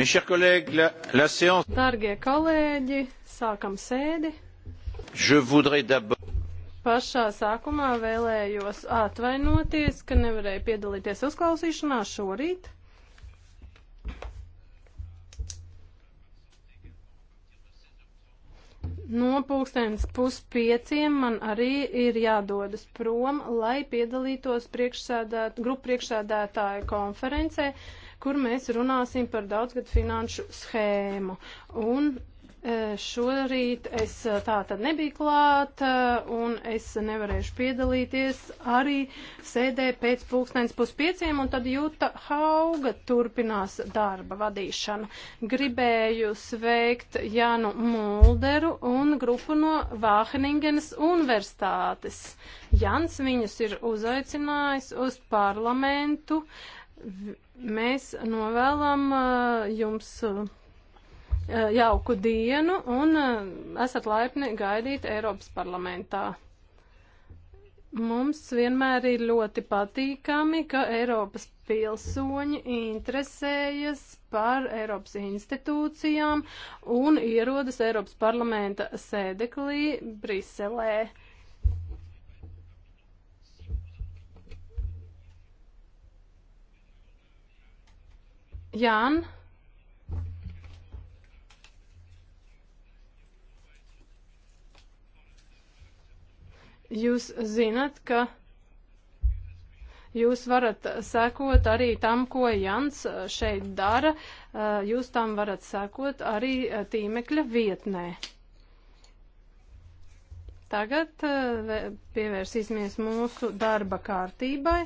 Dargie kolēģi, sākam sēdi. Pašā sākumā vēlējos atvainoties, ka nevarēju piedalīties uzklausīšanā šorīt. No pulkstens puspieciem man arī ir jādodas prom, lai piedalītos priekšsēdēt, grupu priekšsēdētāju konferencē, uh, kur mēs runāsim par daudzgadu finanšu schēmu. Un e, šorīt es e, tā tad nebiju klāt e, un es nevarēšu piedalīties arī sēdē pēc pulkstens puspieciem un tad Jūta Hauga turpinās darba vadīšanu. Gribēju sveikt Jānu Mulderu un grupu no Vāheningenes universitātes. Jans viņus ir uzaicinājis uz parlamentu. V Mēs novēlam uh, jums uh, uh, jauku dienu un esat laipni gaidīt Eiropas parlamentā. Mums vienmēr ir ļoti patīkami, ka Eiropas pilsoņi interesējas par Eiropas institūcijām un ierodas Eiropas parlamenta sēdeklī Briselē. Jan? Jūs zinat, ka jūs varat sekot arī tam, ko Jans šeit dara. Eh, jūs tam varat sekot arī tīmekļa vietnē. Tagad eh, pievērsīsimies mūsu darba kārtībai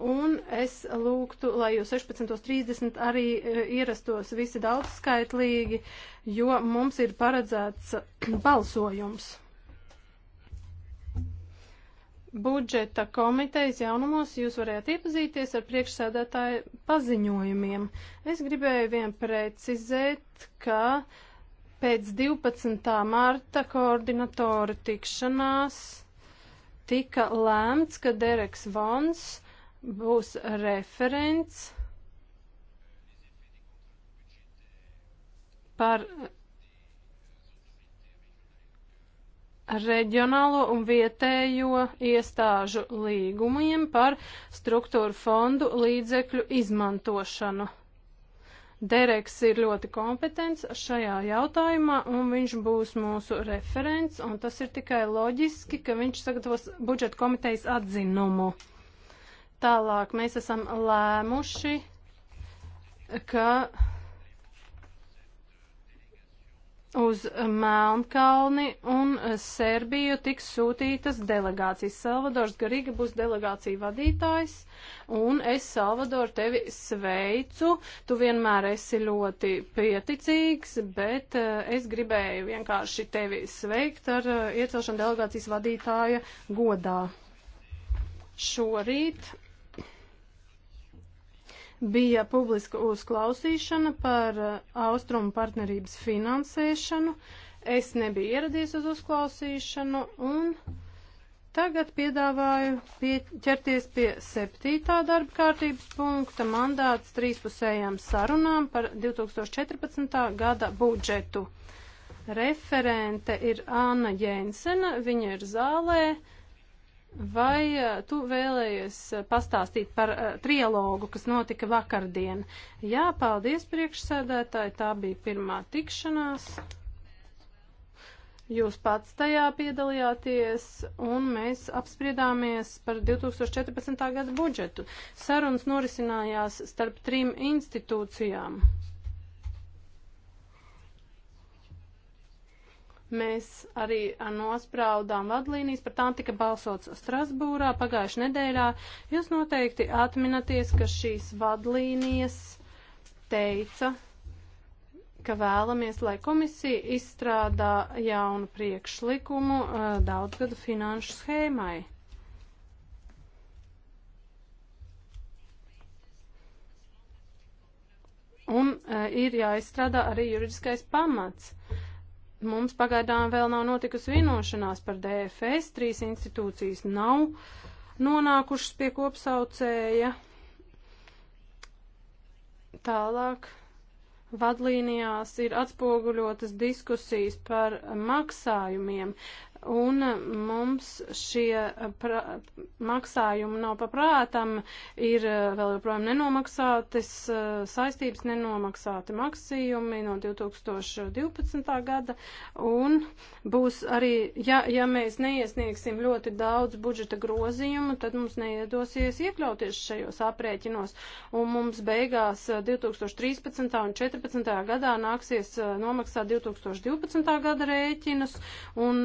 un es lūgtu, lai jau 16.30 arī e, ierastos visi daudzskaitlīgi, jo mums ir paredzēts balsojums. Budžeta komitejas jaunumos jūs varējāt iepazīties ar priekšsēdētāju paziņojumiem. Es gribēju vien precizēt, ka pēc 12. marta koordinatora tikšanās tika lēmts, ka Dereks Vons uh, būs referents par reģionālo un vietējo iestāžu līgumiem par struktūru fondu līdzekļu izmantošanu. Dereks ir ļoti kompetents šajā jautājumā, un viņš būs mūsu referents, un tas ir tikai loģiski, ka viņš sagatavos budžeta komitejas atzinumu. Tālāk mēs esam lēmuši, ka uz Melnkalni un Serbiju tiks sūtītas delegācijas. Salvadors Garīga būs delegācija vadītājs, un es, Salvador, tevi sveicu. Tu vienmēr esi ļoti pieticīgs, bet eh, es gribēju vienkārši tevi sveikt ar eh, iecelšanu delegācijas vadītāja godā. Šorīt bija publiska uzklausīšana par uh, austrumu partnerības finansēšanu. Es nebiju ieradies uz uzklausīšanu un tagad piedāvāju pie, ķerties pie septītā darba kārtības punkta mandāts trīspusējām sarunām par 2014. gada budžetu. Referente ir Anna Jensena, viņa ir zālē. Vai eh, tu vēlējies eh, pastāstīt par uh, trialogu, kas notika vakardien? Jā, paldies priekšsēdētāji, tā bija pirmā tikšanās. Jūs pats tajā piedalījāties, un mēs apspriedāmies par 2014. gada budžetu. Sarunas norisinājās starp trim institūcijām. Mēs arī nospraudām vadlīnijas, par tām tika balsots Strasbūrā pagājušajā nedēļā. Jūs noteikti atminaties, ka šīs vadlīnijas teica, ka vēlamies, lai komisija izstrādā jaunu priekšlikumu eh, daudzgadu finanšu schēmai. Un uh, ir jāizstrādā arī juridiskais pamats. Uh, mums pagaidām vēl nav notikusi vienošanās par DFS, trīs institūcijas nav nonākušas pie kopsaucēja. Tālāk vadlīnijās ir atspoguļotas diskusijas par maksājumiem un uh, mums šie uh, pra, maksājumi nav paprātam, ir uh, vēl joprojām nenomaksātas saistības, nenomaksāti maksājumi no 2012. gada, un būs arī, ja, ja mēs neiesniegsim ļoti daudz budžeta grozījumu, tad mums neiedosies iekļauties šajos aprēķinos, un mums beigās 2013. un 2014. gadā nāksies nomaksāt 2012. gada rēķinus, un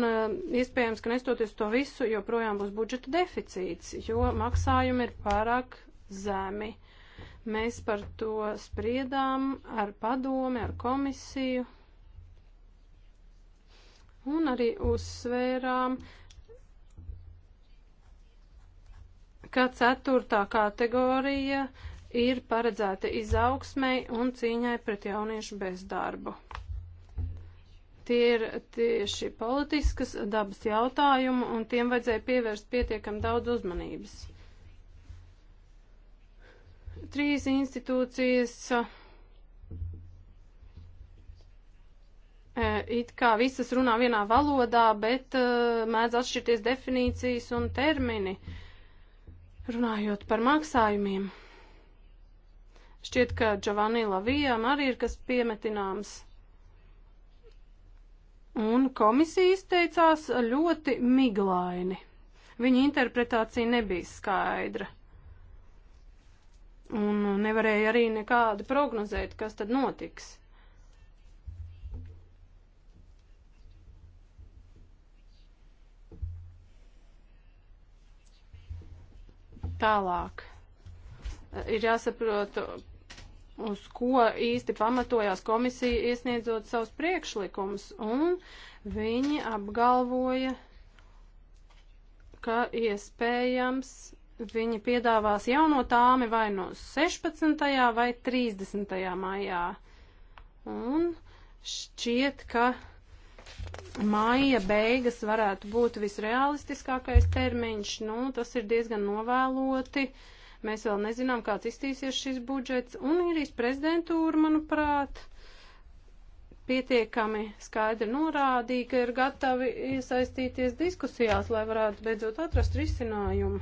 iespējams, ka nestoties to visu, joprojām būs budžeta deficīts, jo maksājumi ir pārāk zemi. Mēs par to spriedām ar padomi, ar komisiju un arī uzsvērām, ka ceturtā kategorija ir paredzēta izaugsmai un cīņai pret jauniešu bezdarbu. Tie ir tieši politiskas dabas jautājumi, un tiem vajadzēja pievērst pietiekam daudz uzmanības. Trīs institūcijas e, it kā visas runā vienā valodā, bet e, mēdz atšķirties definīcijas un termini, runājot par maksājumiem. Šķiet, ka Giovanni Lavijam arī ir kas piemetināms un komisija izteicās ļoti miglaini. Viņa interpretācija nebija skaidra. Un nevarēja arī nekādi prognozēt, kas tad notiks. Tālāk ir jāsaprot, uz ko īsti pamatojās komisija iesniedzot savus priekšlikumus, un viņi apgalvoja, ka iespējams viņi piedāvās jauno tāmi vai no 16. vai 30. maijā. Un šķiet, ka maija beigas varētu būt visrealistiskākais termiņš, nu tas ir diezgan novēloti. Uh, Mēs vēl nezinām, kāds izstīsies šis budžets, un īrijas prezidentūra, manuprāt, pietiekami skaidri norādīja, ka ir gatavi iesaistīties diskusijās, lai varētu beidzot atrast risinājumu.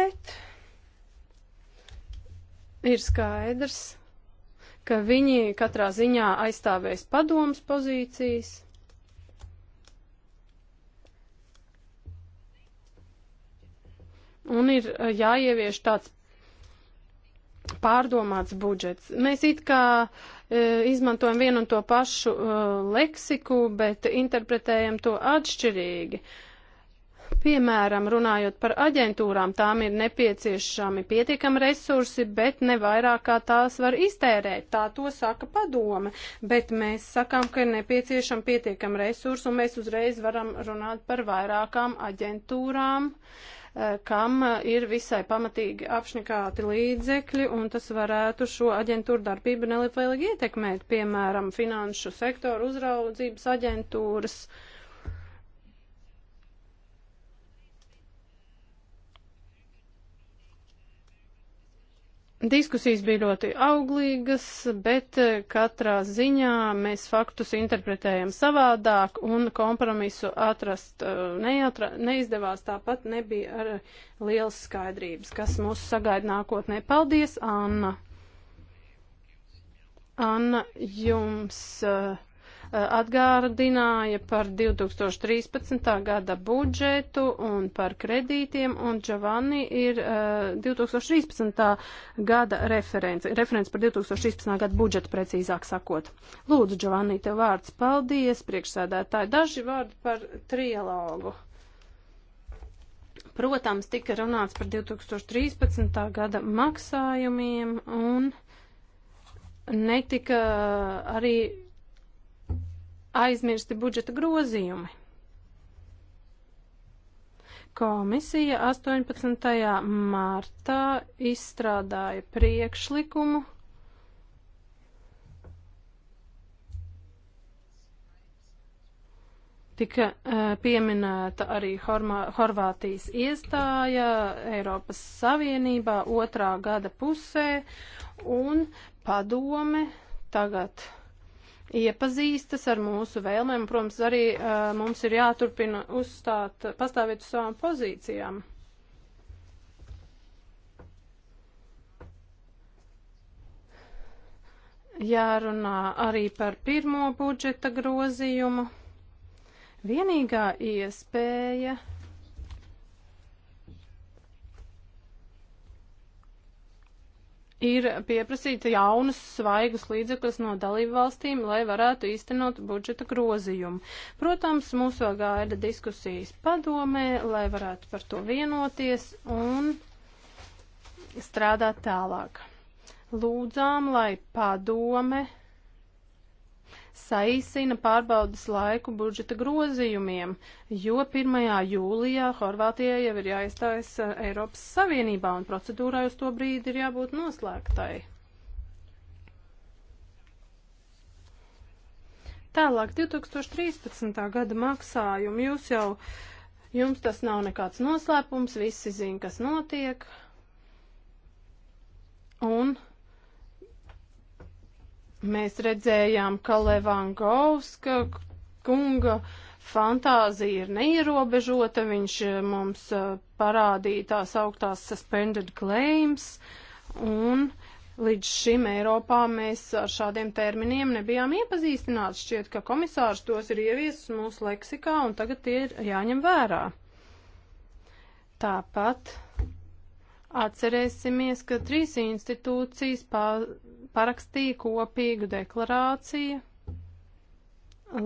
Bet ir skaidrs, ka viņi katrā ziņā aizstāvēs padomas pozīcijas un ir e, jāievieš tāds pārdomāts budžets. Mēs it kā e, izmantojam vienu un to pašu e, leksiku, bet interpretējam to atšķirīgi. Piemēram, runājot par aģentūrām, tām ir nepieciešami pietiekami resursi, bet ne vairāk kā tās var iztērēt. Tā to saka padome, bet mēs sakām, ka ir nepieciešami pietiekami resursi, un mēs uzreiz varam runāt par vairākām aģentūrām. Uh, Eh, kam eh, ir visai pamatīgi apšnikāti līdzekļi, un tas varētu šo aģentūru darbību nelabvēlīgi ietekmēt, piemēram, finanšu sektoru uzraudzības aģentūras uh, Diskusijas bija ļoti auglīgas, bet eh, katrā ziņā mēs faktus interpretējam savādāk un kompromisu atrast eh, neatra, neizdevās. Tāpat nebija ar eh, liels skaidrības, kas mūs sagaida nākotnē. Paldies, Anna! Anna, jums. Uh, Eh, atgārdināja par 2013. gada budžetu un par kredītiem, un Giovanni ir 2013. Eh, gada referents, referents par 2013. gada budžetu precīzāk sakot. Lūdzu, Giovanni, tev vārds paldies, priekšsēdētāji, daži vārdi par trialogu. Protams, tika runāts par 2013. gada maksājumiem un netika arī aizmirsti budžeta grozījumi. Komisija 18. martā izstrādāja priekšlikumu Tika eh, pieminēta arī Hormā, Horvātijas iestāja Eiropas Savienībā otrā gada pusē, un padome tagad iepazīstas ar mūsu vēlmēm. Protams, arī uh, mums ir jāturpina uzstāt, pastāvēt uz savām pozīcijām. Jārunā arī par pirmo budžeta grozījumu. Vienīgā iespēja ir pieprasīta jaunas svaigas līdzekļas no dalību valstīm, lai varētu īstenot budžeta grozījumu. Protams, mūs vēl gaida diskusijas padomē, lai varētu par to vienoties un strādāt tālāk. Lūdzām, lai padome saīsina pārbaudas laiku budžeta grozījumiem, jo 1. jūlijā Horvātijai jau ir jāizstājas eh, Eiropas Savienībā un procedūrai uz to brīdi ir jābūt noslēgtai. Tālāk 2013. gada maksājumi. Jūs jau, jums tas nav nekāds noslēpums, visi zina, kas notiek. Un Mēs redzējām, ka Levangovska kunga fantāzija ir neierobežota, viņš eh, mums eh, parādīja tās augtās suspended claims, un līdz šim Eiropā mēs ar šādiem terminiem nebijām iepazīstināti. Šķiet, ka komisārs tos ir ieviesis mūsu leksikā, un tagad tie ir jāņem vērā. Tāpat atcerēsimies, ka trīs institūcijas pār parakstīja kopīgu deklarāciju,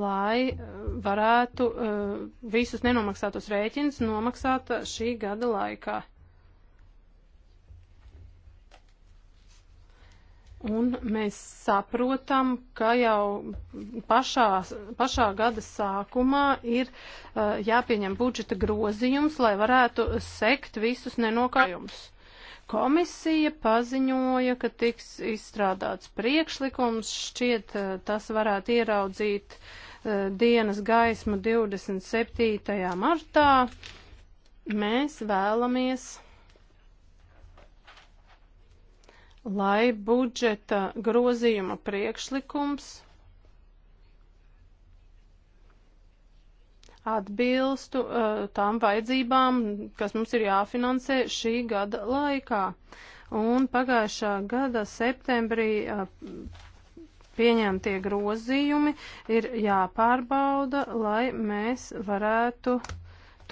lai eh, varētu uh, visus nenomaksātos rēķinus nomaksāt eh, šī gada laikā. Un mēs saprotam, ka jau pašā, pašā gada sākumā ir uh, jāpieņem budžeta grozījums, lai varētu sekt visus nenokājumus. Uh, Komisija paziņoja, ka tiks izstrādāts priekšlikums, šķiet eh, tas varētu ieraudzīt uh, dienas gaismu 27. martā. Mēs vēlamies, lai budžeta grozījuma priekšlikums atbilstu uh, tām vajadzībām, kas mums ir jāfinansē šī gada laikā. Un pagājušā gada septembrī uh, pieņemtie grozījumi ir jāpārbauda, lai mēs varētu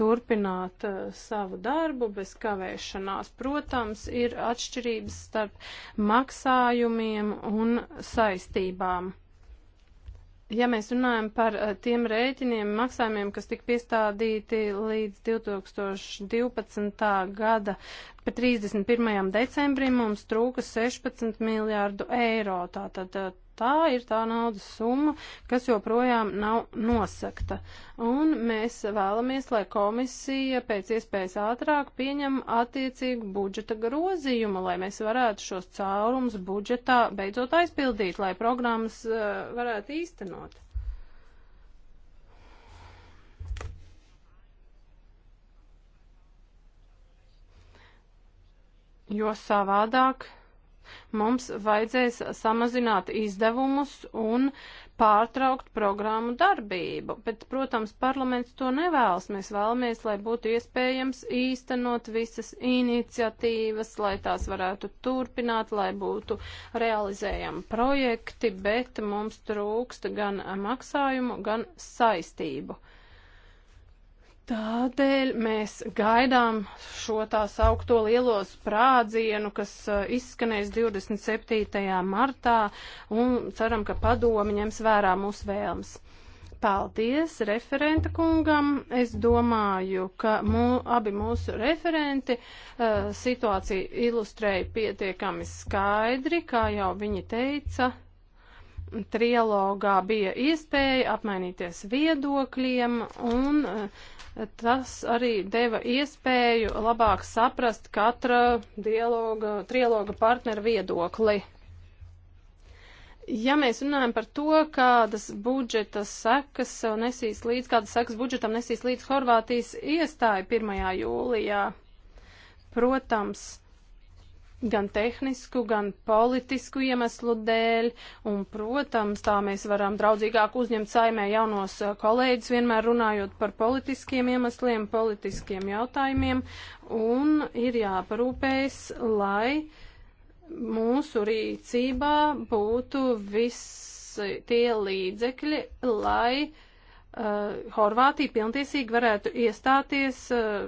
turpināt uh, savu darbu bez kavēšanās. Protams, ir atšķirības starp maksājumiem un saistībām ja mēs runājam par eh, tiem rēķiniem, maksājumiem, kas tika piestādīti līdz 2012. gada 31. decembrim, mums trūka 16 miljārdu eiro. Tātad eh, tā ir tā naudas summa, kas joprojām nav nosakta. Un mēs vēlamies, lai komisija pēc iespējas ātrāk pieņem attiecīgu budžeta grozījumu, lai mēs varētu šos caurums budžetā beidzot aizpildīt, lai programmas uh, varētu īstenot. Jo savādāk mums vajadzēs samazināt izdevumus un pārtraukt programmu darbību, bet, protams, parlaments to nevēlas. Mēs vēlamies, lai būtu iespējams īstenot visas iniciatīvas, lai tās varētu turpināt, lai būtu realizējami projekti, bet mums trūkst gan maksājumu, gan saistību. Tādēļ mēs gaidām šo tā saukto lielo sprādzienu, kas uh, izskanēs 27. martā un ceram, ka padomi ņems vērā mūsu vēlmes. Paldies referenta kungam. Es domāju, ka mū, abi mūsu referenti uh, situāciju ilustrēja pietiekami skaidri, kā jau viņi teica. Uh, trialogā bija iespēja apmainīties viedokļiem un eh, tas arī deva iespēju labāk saprast katra dialoga, trialoga partneru viedokli. Ja mēs runājam par to, kādas budžeta sekas nesīs līdz, kādas sekas budžetam nesīs līdz Horvātijas iestāja 1. jūlijā, protams, gan tehnisku, gan politisku iemeslu dēļ, un, protams, tā mēs varam draudzīgāk uzņemt saimē jaunos kolēģis, vienmēr runājot par politiskiem iemesliem, politiskiem jautājumiem, un ir jāparūpējas, lai mūsu rīcībā būtu visi tie līdzekļi, lai uh, Horvātija pilntiesīgi varētu iestāties uh,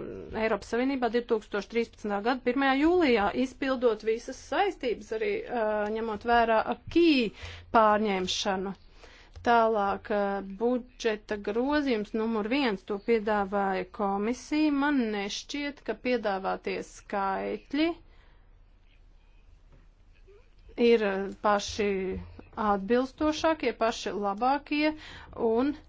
Eiropas Savienībā 2013. gada 1. jūlijā, izpildot visas saistības, arī uh, ņemot vērā akī pārņemšanu. Tālāk budžeta grozījums numur viens to piedāvāja komisija. Man nešķiet, ka piedāvātie skaitļi ir paši atbilstošākie, paši labākie un uh,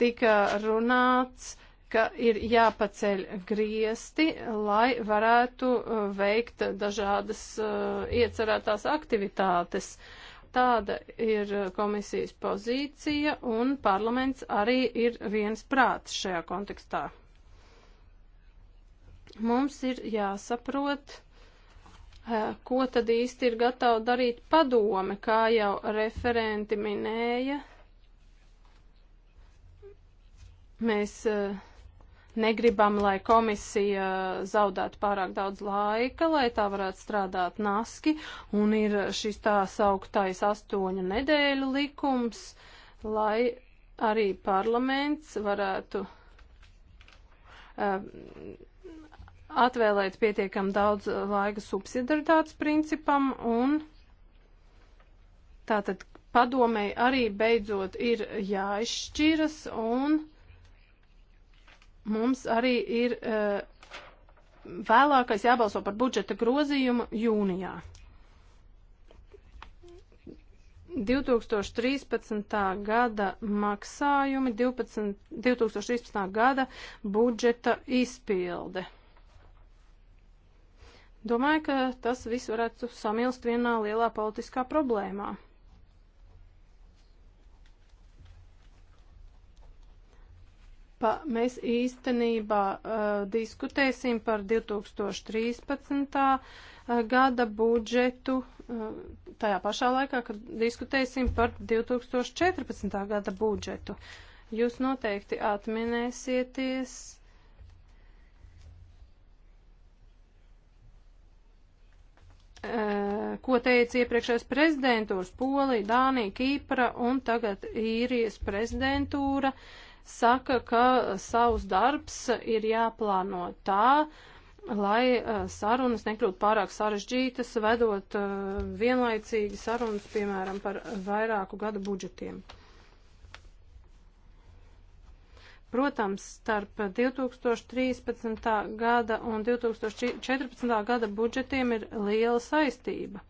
tika runāts, ka ir jāpaceļ griesti, lai varētu uh, veikt dažādas uh, iecerētās aktivitātes. Tāda ir uh, komisijas pozīcija, un parlaments arī ir viens prāts šajā kontekstā. Mums ir jāsaprot, ko tad īsti ir gatava darīt padome, kā jau referenti minēja, Mēs uh, negribam, lai komisija zaudētu pārāk daudz laika, lai tā varētu strādāt naski, un ir šis tā sauktais astoņu nedēļu likums, lai arī parlaments varētu uh, atvēlēt pietiekam daudz laika subsidaritātes principam, un tātad padomēji arī beidzot ir jāizšķiras, un mums arī ir uh, vēlākais jābalso par budžeta grozījumu jūnijā. 2013. gada maksājumi, 12, 2013. gada budžeta izpilde. Domāju, ka tas viss varētu samilst vienā lielā politiskā problēmā. pa, mēs īstenībā uh, diskutēsim par 2013. Uh, gada budžetu uh, tajā pašā laikā, kad diskutēsim par 2014. gada budžetu. Jūs noteikti atminēsieties. Uh, ko teica iepriekšējais prezidentūras Polija, Dānija, Kīpra un tagad īrijas prezidentūra. Uh, saka, ka savs darbs ir jāplāno tā, lai eh, sarunas nekļūtu pārāk sarežģītas, vedot eh, vienlaicīgi sarunas, piemēram, par vairāku gadu budžetiem. Protams, starp 2013. gada un 2014. gada budžetiem ir liela saistība.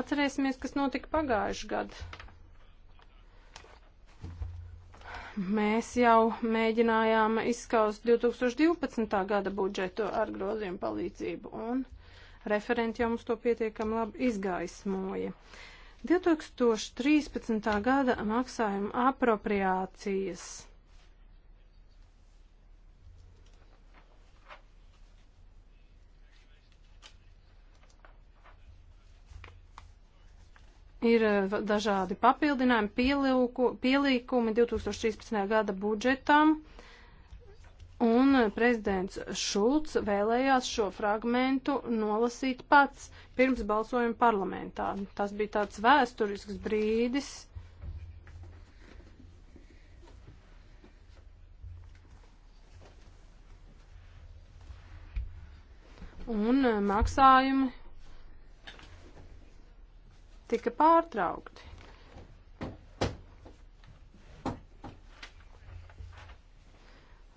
Atcerēsimies, kas notika pagājuši gadu. Mēs jau mēģinājām izskaust 2012. gada budžetu ar grozījumu palīdzību, un referenti jau mums to pietiekami labi izgaismoja. 2013. gada maksājuma apropriācijas Ir eh, dažādi papildinājumi, pielīku, pielīkumi 2013. gada budžetam. Un eh, prezidents Šulcs vēlējās šo fragmentu nolasīt pats pirms balsojuma parlamentā. Tas bija tāds vēsturisks brīdis. Un eh, maksājumi tika pārtraukti.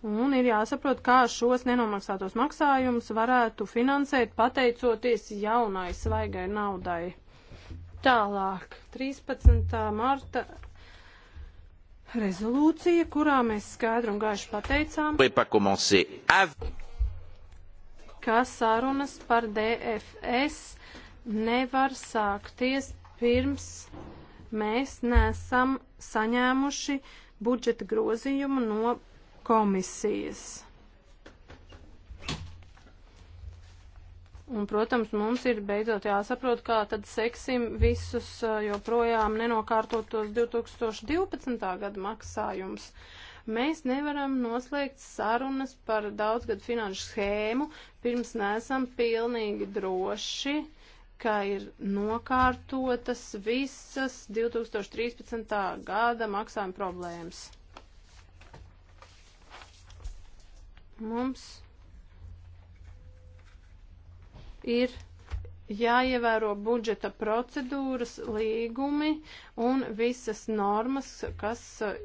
Un ir jāsaprot, kā šos nenomaksātos maksājumus varētu finansēt pateicoties jaunai svaigai naudai. Tālāk, 13. marta rezolūcija, kurā mēs skaidri un gaiši pateicām, ka sarunas par DFS nevar sākties pirms mēs nesam saņēmuši budžeta grozījumu no komisijas. Un, protams, mums ir beidzot jāsaprot, kā tad seksim visus joprojām nenokārtotos 2012. gada maksājumus. Mēs nevaram noslēgt sarunas par daudzgadu finanšu schēmu, pirms neesam pilnīgi droši, uh, ka ir nokārtotas visas 2013. gada maksājuma problēmas. Mums ir jāievēro budžeta procedūras, līgumi un visas normas, kas uh,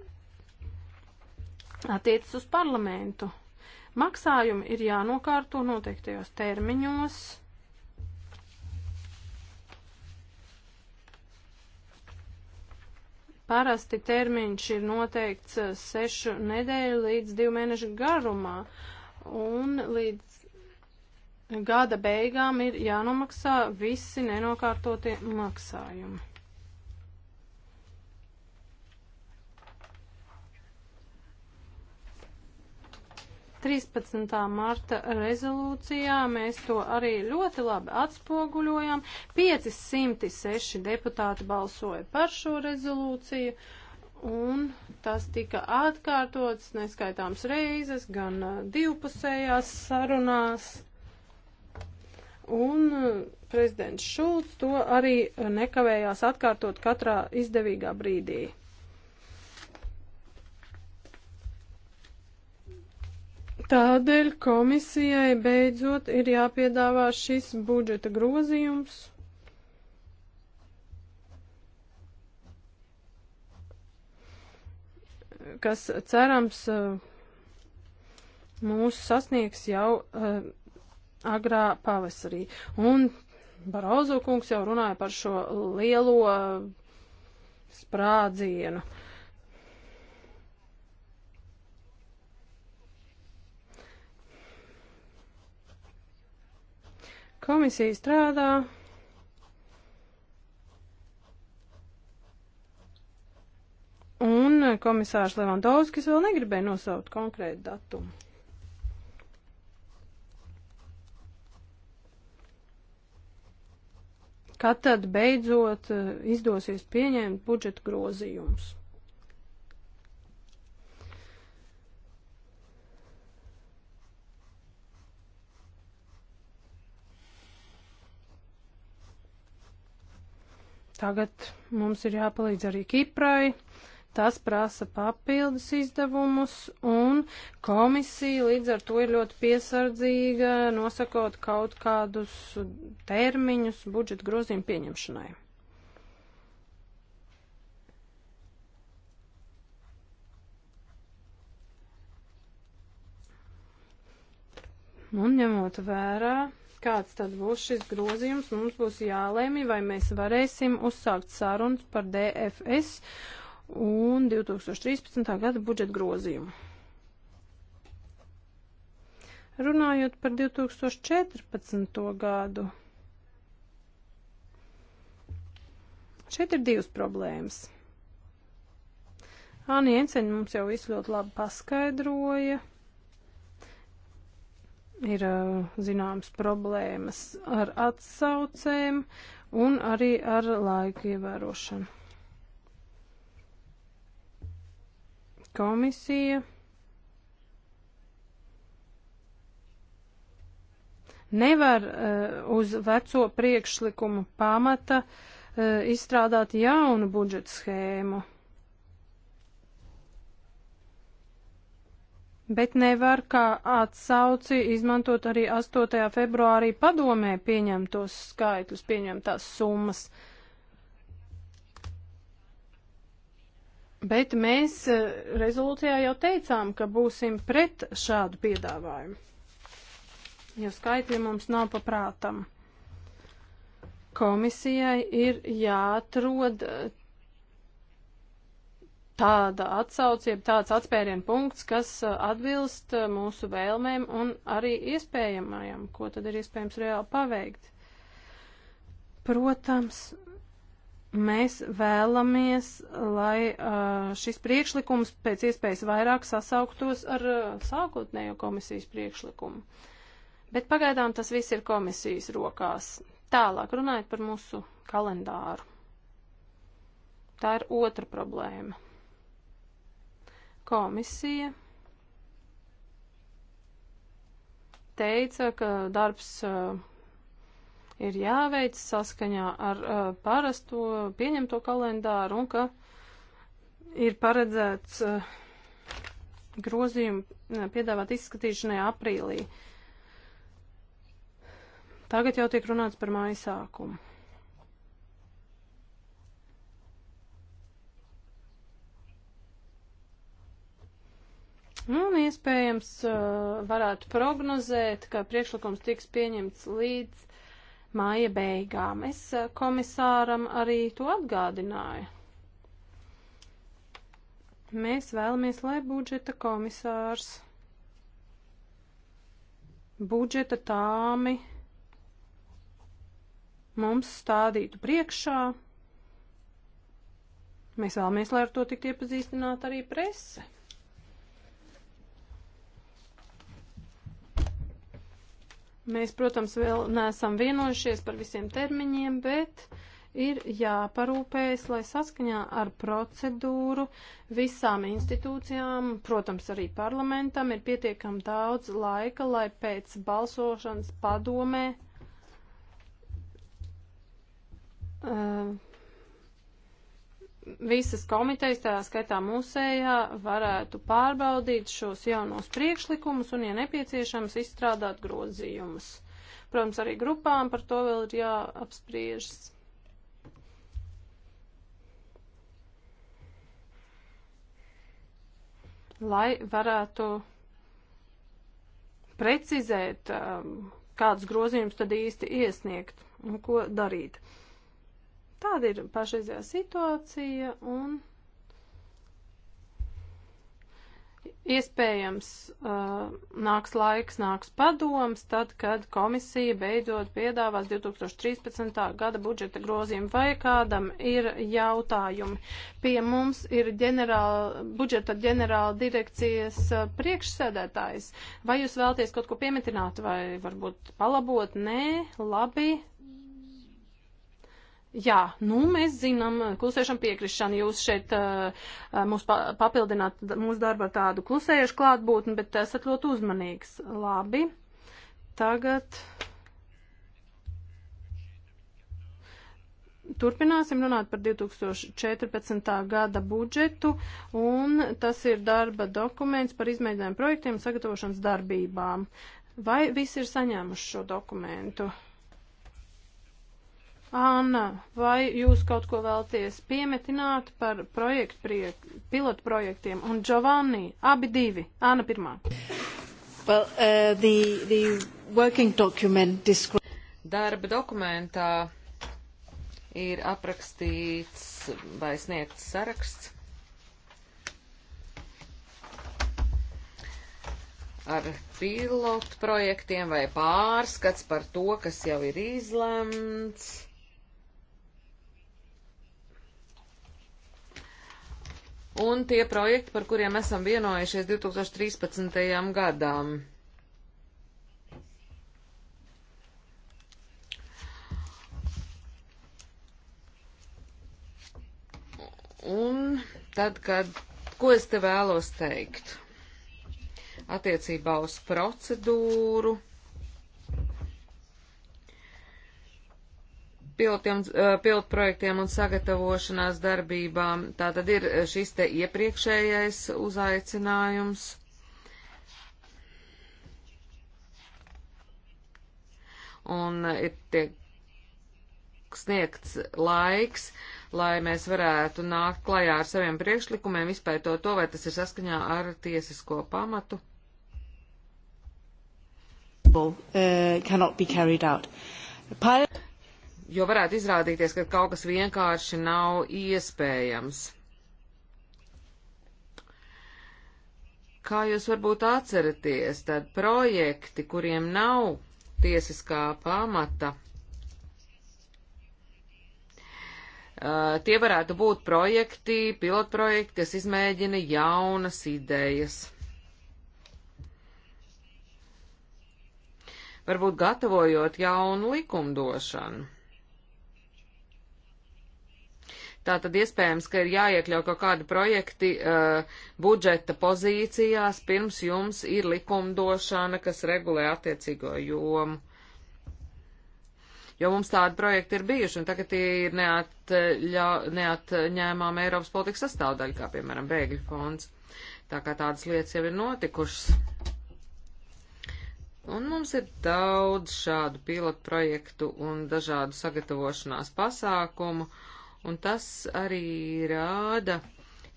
attiecas uz parlamentu. Maksājumi ir jānokārto noteiktajos termiņos Parasti termiņš ir noteikts eh, sešu nedēļu līdz divu mēnešu garumā, un līdz gada beigām ir jānomaksā visi nenokārtotie maksājumi. 13. marta rezolūcijā mēs to arī ļoti labi atspoguļojam. 506 deputāti balsoja par šo rezolūciju, un tas tika atkārtots neskaitāms reizes, gan uh, divpusējās sarunās. Un uh, prezidents Šulcs to arī nekavējās atkārtot katrā izdevīgā brīdī. Tādēļ komisijai beidzot ir jāpiedāvā šis budžeta grozījums. kas cerams eh, mūs sasniegs jau eh, agrā pavasarī. Un Barozo kungs jau runāja par šo lielo eh, sprādzienu. Uh, Komisija strādā. Un komisārs Levandovskis vēl negribēja nosaukt konkrētu datumu. Kad tad beidzot eh, izdosies pieņemt budžeta grozījumus? Tagad mums ir jāpalīdz arī Kiprai. Tas prasa papildus izdevumus, un komisija līdz ar to ir ļoti piesardzīga, nosakot kaut kādus termiņus budžeta grozījumu pieņemšanai. Un ņemot vērā kāds tad būs šis grozījums, mums būs jālēmi, vai mēs varēsim uzsākt sarunas par DFS un 2013. gada budžeta grozījumu. Runājot par 2014. gadu, šeit ir divas problēmas. Āni Jenseņa mums jau visu ļoti labi paskaidroja ir uh, zināmas problēmas ar atsaucēm un arī ar laiku ievērošanu. Komisija nevar uh, uz veco priekšlikumu pamata uh, izstrādāt jaunu budžeta schēmu. bet nevar kā atsauci izmantot arī 8. februārī padomē pieņemtos skaitļus, pieņemtās summas. Bet mēs eh, rezolūcijā jau teicām, ka būsim pret šādu piedāvājumu, jo skaitļi mums nav paprātam. Komisijai ir jāatrod eh, tāda atsauce, jeb tāds atspērienu punkts, kas uh, atbilst uh, mūsu vēlmēm un arī iespējamajam, ko tad ir iespējams reāli paveikt. Protams, mēs vēlamies, lai uh, šis priekšlikums pēc iespējas vairāk sasauktos ar sākotnējo komisijas priekšlikumu. Bet pagaidām tas viss ir komisijas rokās. Tālāk runājot par mūsu kalendāru. Tā ir otra problēma. Komisija teica, ka darbs uh, ir jāveic saskaņā ar uh, parasto pieņemto kalendāru un ka ir paredzēts uh, grozījumu piedāvāt izskatīšanai aprīlī. Tagad jau tiek runāts par māju sākumu. Nu, un iespējams uh, varētu prognozēt, ka priekšlikums tiks pieņemts līdz māja beigām. Es uh, komisāram arī to atgādināju. Mēs vēlamies, lai budžeta komisārs, budžeta tāmi mums stādītu priekšā. Mēs vēlamies, lai ar to tiktu iepazīstināta arī prese. Mēs, protams, vēl neesam vienojušies par visiem termiņiem, bet ir jāparūpējas, lai saskaņā ar procedūru visām institūcijām, protams, arī parlamentam ir pietiekam daudz laika, lai pēc balsošanas padomē uh, visas komitejas, tā skaitā mūsējā, varētu pārbaudīt šos jaunos priekšlikumus un, ja nepieciešams, izstrādāt grozījumus. Protams, arī grupām par to vēl ir jāapspriežas. Lai varētu precizēt, um, kādus grozījumus tad īsti iesniegt un ko darīt. Tāda ir pašreizējā situācija un iespējams uh, nāks laiks, nāks padoms, tad, kad komisija beidzot piedāvās 2013. gada budžeta grozījumu vai kādam ir jautājumi. Pie mums ir ģenerāla, budžeta ģenerāla direkcijas uh, priekšsēdētājs. Vai jūs vēlties kaut ko piemetināt vai varbūt palabot? Nē, labi. Jā, nu mēs zinām, eh, klusēšana piekrišana, jūs šeit uh, eh, eh, mūs pa papildināt mūsu darbu ar tādu klusējušu klātbūtni, bet esat ļoti uzmanīgs. Labi, tagad turpināsim runāt par 2014. gada budžetu, un tas ir darba dokuments par izmēģinājumu projektiem sagatavošanas darbībām. Vai visi ir saņēmuši šo dokumentu? Anna, vai jūs kaut ko vēlties piemetināt par projektu priek, pilotu projektiem? Un Giovanni, abi divi. Anna pirmā. Well, uh, the, the working document describes. Darba dokumentā ir aprakstīts vai sniegts saraksts ar pilotu projektiem vai pārskats par to, kas jau ir izlemts un tie projekti, par kuriem esam vienojušies 2013. gadām. Un tad, kad, ko es te vēlos teikt? Attiecībā uz procedūru piltiem, eh, piltprojektiem un sagatavošanās darbībām. Tā tad ir eh, šis te iepriekšējais uzaicinājums. Un eh, ir tiek sniegts laiks, lai mēs varētu nākt klajā ar saviem priekšlikumiem, izpētot to, vai tas ir saskaņā ar tiesisko pamatu. Uh, cannot be carried out. Pilot jo varētu izrādīties, ka kaut kas vienkārši nav iespējams. Kā jūs varbūt atceraties, tad projekti, kuriem nav tiesiskā pamata, tie varētu būt projekti, pilotprojekti, kas izmēģina jaunas idejas. Varbūt gatavojot jaunu likumdošanu. Tā tad iespējams, ka ir jāiekļau kaut kādi projekti uh, budžeta pozīcijās, pirms jums ir likumdošana, kas regulē attiecīgo jomu. Jo mums tādi projekti ir bijuši, un tagad tie ir neatļa, neatņēmām Eiropas politikas sastāvdaļa, kā piemēram bēgļu fonds. Tā kā tādas lietas jau ir notikušas. Un mums ir daudz šādu pilotu projektu un dažādu sagatavošanās pasākumu. Uh, Un tas arī rāda,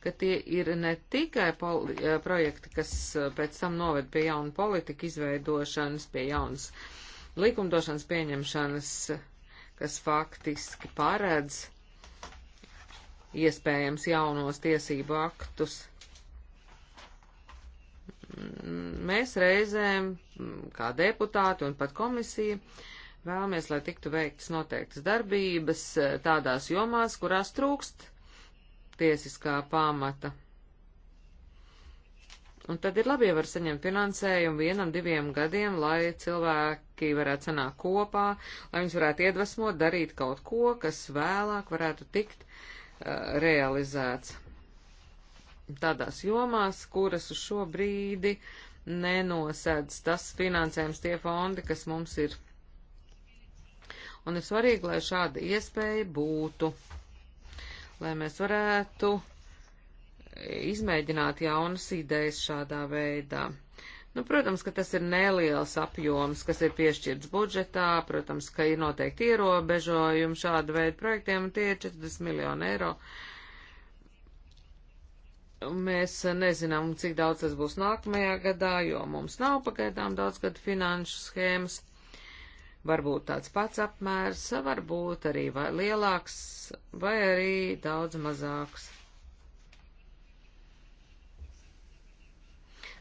ka tie ir ne tikai poli, eh, projekti, kas eh, pēc tam noved pie jaunu politiku izveidošanas, pie jaunas likumdošanas pieņemšanas, kas faktiski paredz iespējams jaunos tiesību aktus. Mēs reizēm, kā deputāti un pat komisija, uh, Vēlamies, lai tiktu veiktas noteiktas darbības e, tādās jomās, kurās trūkst tiesiskā pamata. Un tad ir labi, ja var saņemt finansējumu vienam, diviem gadiem, lai cilvēki varētu sanākt kopā, lai viņus varētu iedvesmot, darīt kaut ko, kas vēlāk varētu tikt uh, realizēts. Tādās jomās, kuras uz šo brīdi nenosedz tas finansējums tie fondi, kas mums ir un ir svarīgi, lai šāda iespēja būtu, lai mēs varētu izmēģināt jaunas idejas šādā veidā. Nu, protams, ka tas ir neliels apjoms, kas ir piešķirts budžetā, protams, ka ir noteikti ierobežojumi šāda veida projektiem, un tie ir 40 miljoni eiro. Mēs nezinām, cik daudz tas būs nākamajā gadā, jo mums nav pagaidām daudz gadu finanšu schēmas varbūt tāds pats apmērs, varbūt arī vai lielāks, vai arī daudz mazāks.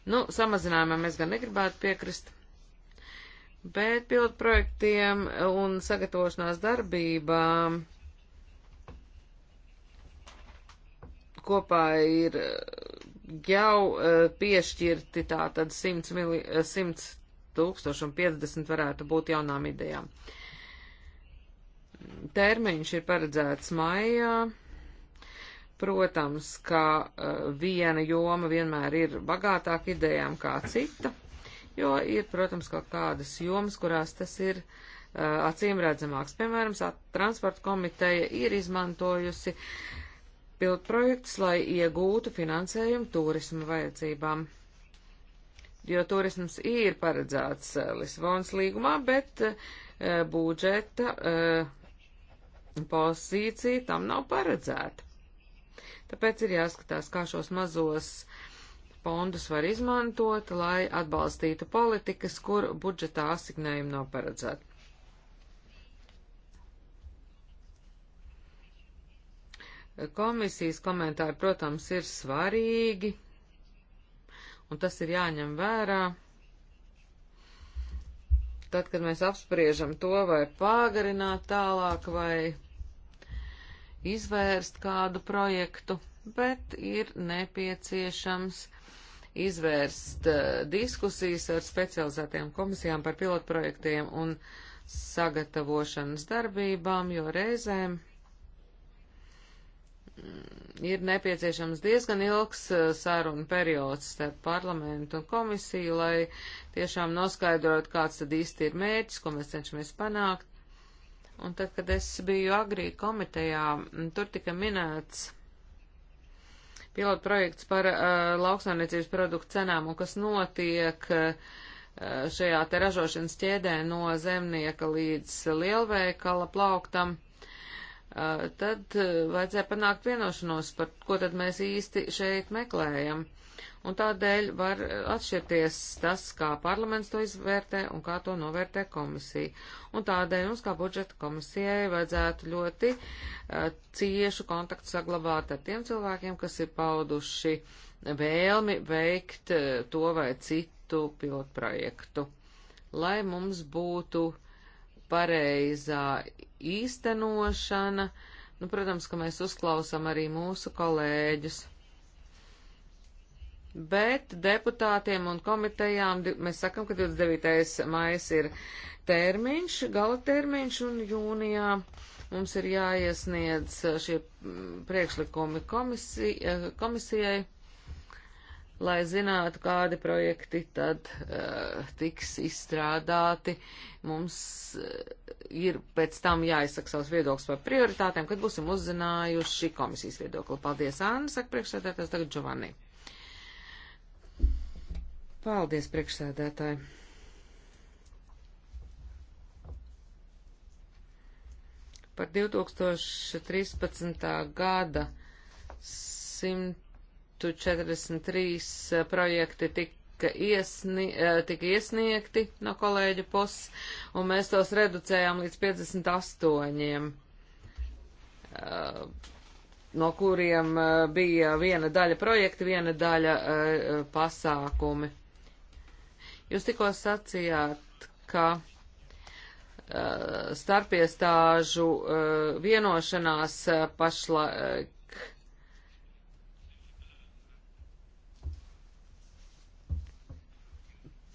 Nu, samazinājumam es gan negribētu piekrist, bet pilotu projektiem un sagatavošanās darbībām kopā ir jau eh, piešķirti tātad 100, mili, 100 tūkstoši un 50 varētu būt jaunām idejām. Termiņš ir paredzēts maijā. Protams, ka eh, viena joma vienmēr ir bagātāka idejām kā cita, jo ir, protams, kaut kādas jomas, kurās tas ir eh, acīm redzamāks. Piemēram, transporta komiteja ir izmantojusi pilotprojektus, lai iegūtu finansējumu turismu vajadzībām jo turisms ir paredzēts eh, Lisbonas līgumā, bet eh, budžeta eh, pozīcija tam nav paredzēta. Tāpēc ir jāskatās, kā šos mazos fondus var izmantot, lai atbalstītu politikas, kur budžetā asignējumi nav paredzēti. Komisijas komentāri, protams, ir svarīgi un tas ir jāņem vērā. Tad, kad mēs apspriežam to, vai pāgarināt tālāk, vai izvērst kādu projektu, bet ir nepieciešams izvērst uh, diskusijas ar specializētajām komisijām par pilotprojektiem un sagatavošanas darbībām, jo reizēm Mm, ir nepieciešams diezgan ilgs uh, sarunu periods starp parlamentu un komisiju, lai tiešām noskaidrot, kāds tad īsti ir mērķis, ko mēs cenšamies panākt. Un tad, kad es biju agrī komitejā, mm, tur tika minēts pilotu projekts par uh, lauksaimniecības produktu cenām un kas notiek uh, šajā te ražošanas ķēdē no zemnieka līdz lielveikala plauktam Eh, tad eh, vajadzēja panākt vienošanos par, ko tad mēs īsti šeit meklējam. Un tādēļ var eh, atšķirties tas, kā parlaments to izvērtē un kā to novērtē komisija. Un tādēļ mums kā budžeta komisijai vajadzētu ļoti uh, ciešu kontaktu saglabāt ar tiem cilvēkiem, kas ir pauduši vēlmi veikt uh, to vai citu pilotprojektu, lai mums būtu uh, pareizā īstenošana. Nu, protams, ka mēs uzklausām arī mūsu kolēģus. Bet deputātiem un komitejām mēs sakam, ka 29. mājas ir termiņš, gala termiņš, un jūnijā mums ir jāiesniedz šie priekšlikumi eh, komisijai. komisijai lai zinātu, kādi projekti tad uh, tiks izstrādāti. Mums eh, ir pēc tam jāizsaka savs viedoklis par prioritātēm, kad būsim uzzinājuši komisijas viedokli. Paldies, Anna, saka priekšsēdētājs, tagad Giovanni. Paldies, priekšsēdētāji. Par 2013. gada 100 143 eh, projekti tika, iesni, eh, tika iesniegti no kolēģa puses, un mēs tos reducējām līdz 58, eh, no kuriem bija viena daļa projekta, viena daļa pasākumi. Jūs tikko sacījāt, ka starpiestāžu vienošanās pašlaik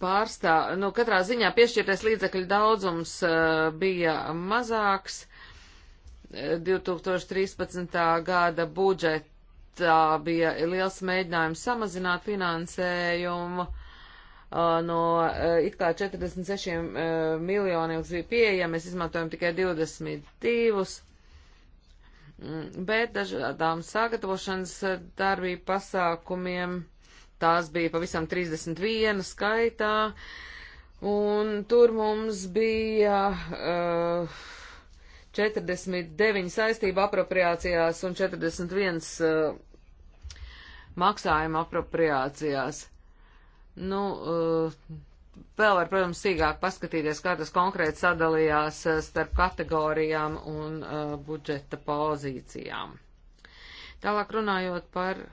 pārstāv, nu, katrā ziņā piešķirtais līdzekļu daudzums eh, bija mazāks. 2013. Eh, gada budžetā bija liels mēģinājums samazināt finansējumu eh, no it kā 46 miljoniem, kas bija pieejami, mēs izmantojam tikai 22 mm, bet dažādām sagatavošanas darbību pasākumiem Tās bija pavisam 31 skaitā, un tur mums bija. Uh, 49 saistība apropriācijās un 41 uh, maksājuma apropriācijās. Nu, uh, vēl var, protams, sīkāk paskatīties, kā tas konkrēti sadalījās uh, starp kategorijām un uh, budžeta pozīcijām. Tālāk runājot par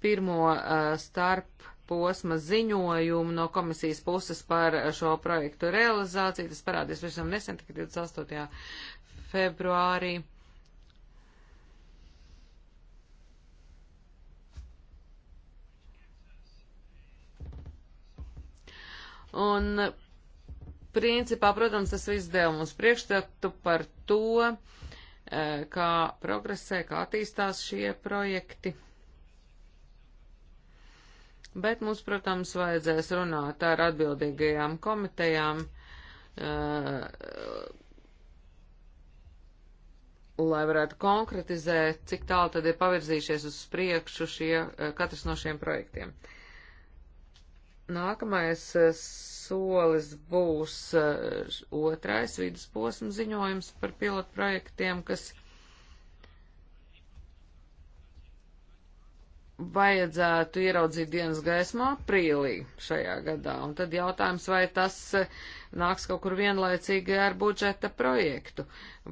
pirmo eh, starp posma ziņojumu no komisijas puses par eh, šo projektu realizāciju. Tas parādīs visam nesen, tikai 28. februārī. Un, principā, protams, tas viss deva mums priekšstatu par to, eh, kā progresē, kā attīstās šie projekti. Bet mums, protams, vajadzēs runāt ar atbildīgajām komitejām, uh, lai varētu konkretizēt, cik tālu tad ir pavirzījušies uz priekšu šie, eh, katrs no šiem projektiem. Nākamais eh, solis būs otrais vidusposma ziņojums par pilotprojektiem, kas vajadzētu ieraudzīt dienas gaismu aprīlī šajā gadā, un tad jautājums, vai tas eh, nāks kaut kur vienlaicīgi ar budžeta projektu,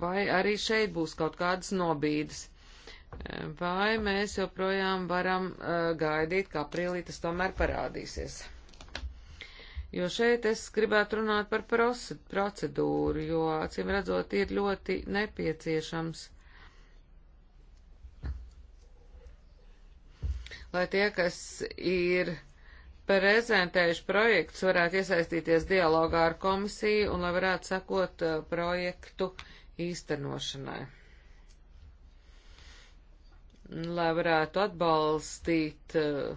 vai arī šeit būs kaut kādas nobīdes. Eh, vai mēs joprojām varam uh, gaidīt, ka aprīlī tas tomēr parādīsies? Jo šeit es gribētu runāt par procedūru, jo acīm redzot ir ļoti nepieciešams lai tie, kas ir prezentējuši projekts, varētu iesaistīties dialogā ar komisiju un lai varētu sekot uh, projektu īstenošanai. Lai varētu atbalstīt uh,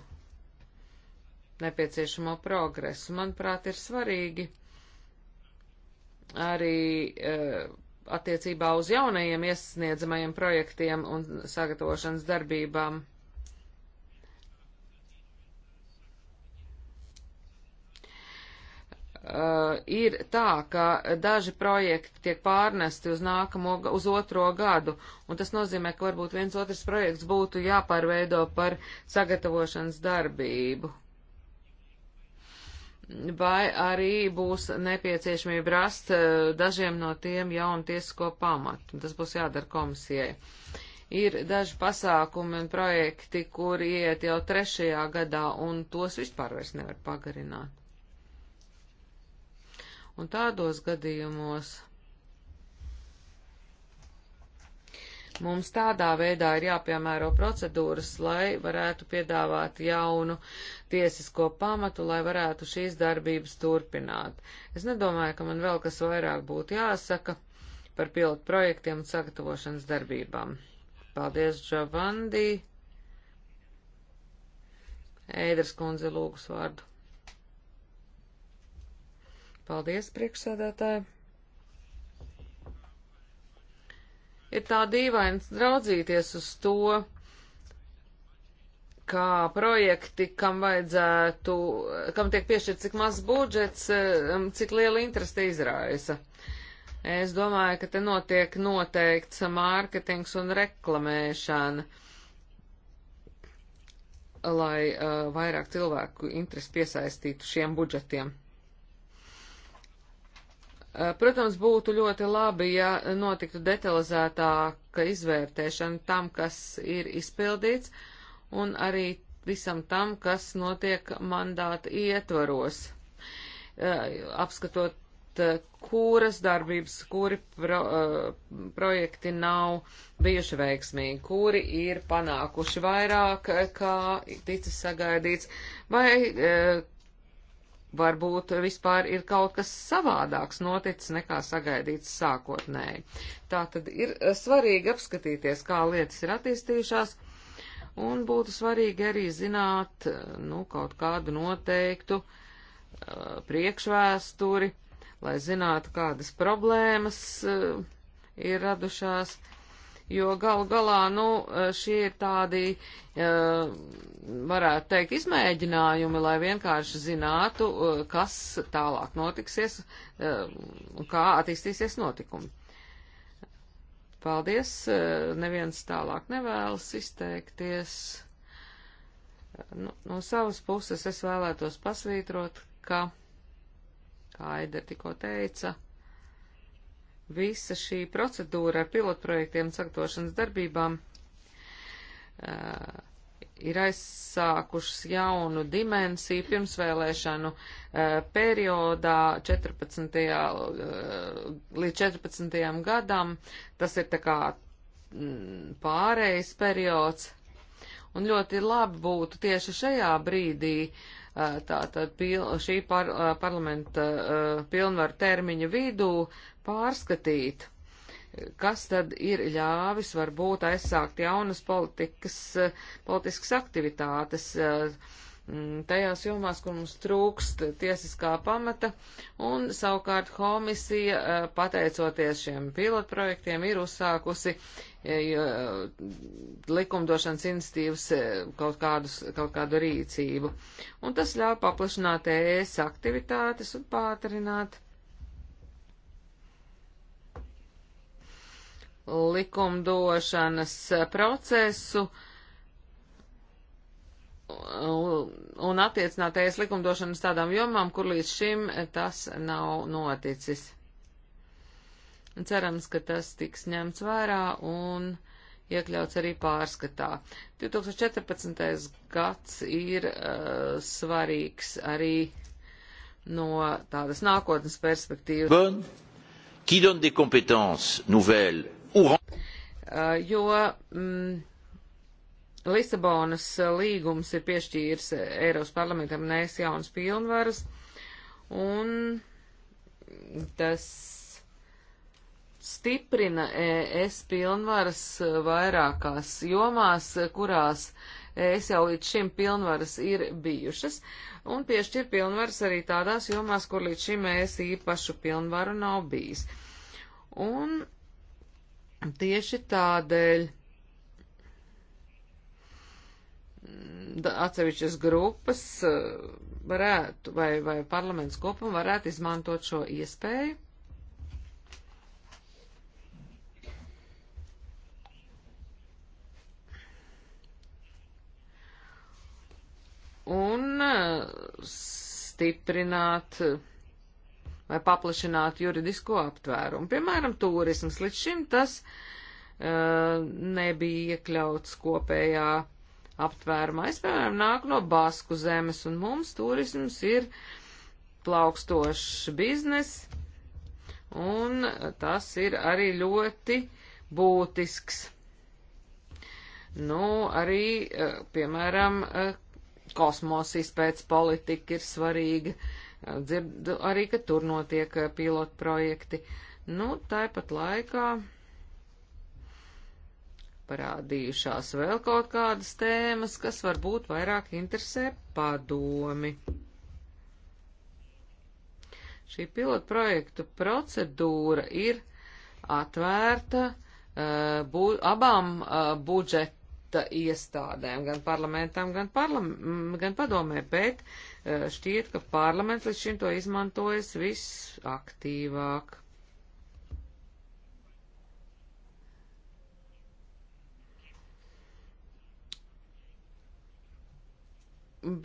nepieciešamo progresu. Manuprāt, ir svarīgi arī uh, attiecībā uz jaunajiem iesniedzamajiem projektiem un sagatavošanas darbībām Uh, ir tā, ka daži projekti tiek pārnesti uz nākamo, uz otro gadu, un tas nozīmē, ka varbūt viens otrs projekts būtu jāpārveido par sagatavošanas darbību vai arī būs nepieciešamība rast eh, dažiem no tiem jaunu tiesisko pamatu. Tas būs jādara komisijai. Ir daži pasākumi un projekti, kur iet jau trešajā gadā, un tos vispār vairs nevar pagarināt. Un tādos gadījumos mums tādā veidā ir jāpiemēro procedūras, lai varētu piedāvāt jaunu tiesisko pamatu, lai varētu šīs darbības turpināt. Es nedomāju, ka man vēl kas vairāk būtu jāsaka par pilotu projektiem un sagatavošanas darbībām. Paldies, Džavandī! Ēdras kundze lūgus vārdu. Paldies, priekšsēdētāji. Ir tā dīvains draudzīties uz to, kā projekti, kam vajadzētu, kam tiek piešķirts cik maz budžets, um, cik liela interesi izraisa. Es domāju, ka te notiek noteikts mārketings un reklamēšana, lai uh, vairāk cilvēku interesi piesaistītu šiem budžetiem. Eh, protams, būtu ļoti labi, ja notiktu detalizētāka izvērtēšana tam, kas ir izpildīts, un arī visam tam, kas notiek mandāta ietvaros, eh, apskatot, eh, kuras darbības, kuri pro, projekti nav bijuši veiksmīgi, kuri ir panākuši vairāk, kā ticis sagaidīts, vai varbūt vispār ir kaut kas savādāks noticis nekā sagaidīts sākotnēji. Tā tad ir eh, svarīgi apskatīties, kā lietas ir attīstījušās, un būtu svarīgi arī zināt, eh, nu, kaut kādu noteiktu uh, priekšvēsturi, lai zinātu, kādas problēmas uh, ir radušās. Uh, jo gal galā, nu, eh, šie ir tādi, eh, varētu teikt, izmēģinājumi, lai vienkārši zinātu, eh, kas tālāk notiksies un kā attīstīsies notikumi. Paldies, neviens tālāk nevēlas izteikties. No, nu, no savas puses es vēlētos pasvītrot, ka, kā Aida tikko teica, visa šī procedūra ar pilotprojektiem sagatavošanas darbībām uh, ir aizsākušas jaunu dimensiju pirmsvēlēšanu uh, periodā 14. Uh, eh, līdz 14. gadam. Tas ir tā kā mm, pārējais periods. Un ļoti labi būtu tieši šajā brīdī tātad tā, šī par, parlamenta pilnvaru termiņa vidū pārskatīt, kas tad ir ļāvis varbūt aizsākt jaunas politikas, politiskas aktivitātes mm, tajās jomās, kur mums trūkst tiesiskā pamata, un savukārt komisija, eh, pateicoties šiem pilotprojektiem, ir uzsākusi eh, eh, likumdošanas institīvas kaut, kādus, kaut kādu rīcību. Un tas ļauj paplašināt ES aktivitātes un pātrināt likumdošanas procesu un attiecināties likumdošanas tādām jomām, kur līdz šim tas nav noticis. Cerams, ka tas tiks ņemts vērā un iekļauts arī pārskatā. 2014. gads ir uh, svarīgs arī no tādas nākotnes perspektīvas. Bonne, qui donne des compétences nouvelles Uh, jo mm, Lisabonas līgums ir piešķīris Eiropas parlamentam nes jaunas pilnvaras, un tas stiprina es pilnvaras vairākās jomās, kurās es jau līdz šim pilnvaras ir bijušas, un piešķir pilnvaras arī tādās jomās, kur līdz šim es īpašu pilnvaru nav bijis. Un Tieši tādēļ mm, atsevišķas grupas eh, varētu, vai, vai parlaments kopumā varētu izmantot šo iespēju. Un eh, stiprināt vai paplašināt juridisko aptvērumu. Piemēram, turisms līdz šim tas uh, nebija iekļauts kopējā aptvērumā. Es, piemēram, nāku no Basku zemes, un mums turisms ir plaukstošs biznes, un tas ir arī ļoti būtisks. Nu, arī, uh, piemēram, uh, kosmosa izpētes politika ir svarīga. Uh, Dzirdu arī, ka tur notiek eh, pilotu projekti. Nu, tāpat laikā parādījušās vēl kaut kādas tēmas, kas varbūt vairāk interesē padomi. Šī pilotu projektu procedūra ir atvērta uh, eh, bū, abām uh, budžeta iestādēm, gan parlamentam, gan, parlam, gan padomē, bet uh, Eh, šķiet, ka parlaments līdz šim to izmantojas visaktīvāk.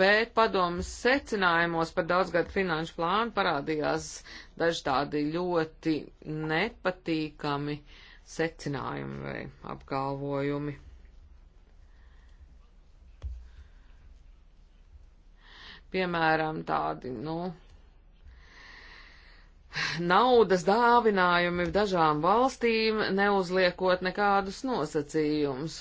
Bet padomas secinājumos par daudzgadu finanšu plānu parādījās daži tādi ļoti nepatīkami secinājumi vai apgalvojumi. piemēram, tādi, nu, naudas dāvinājumi dažām valstīm, neuzliekot nekādus nosacījumus.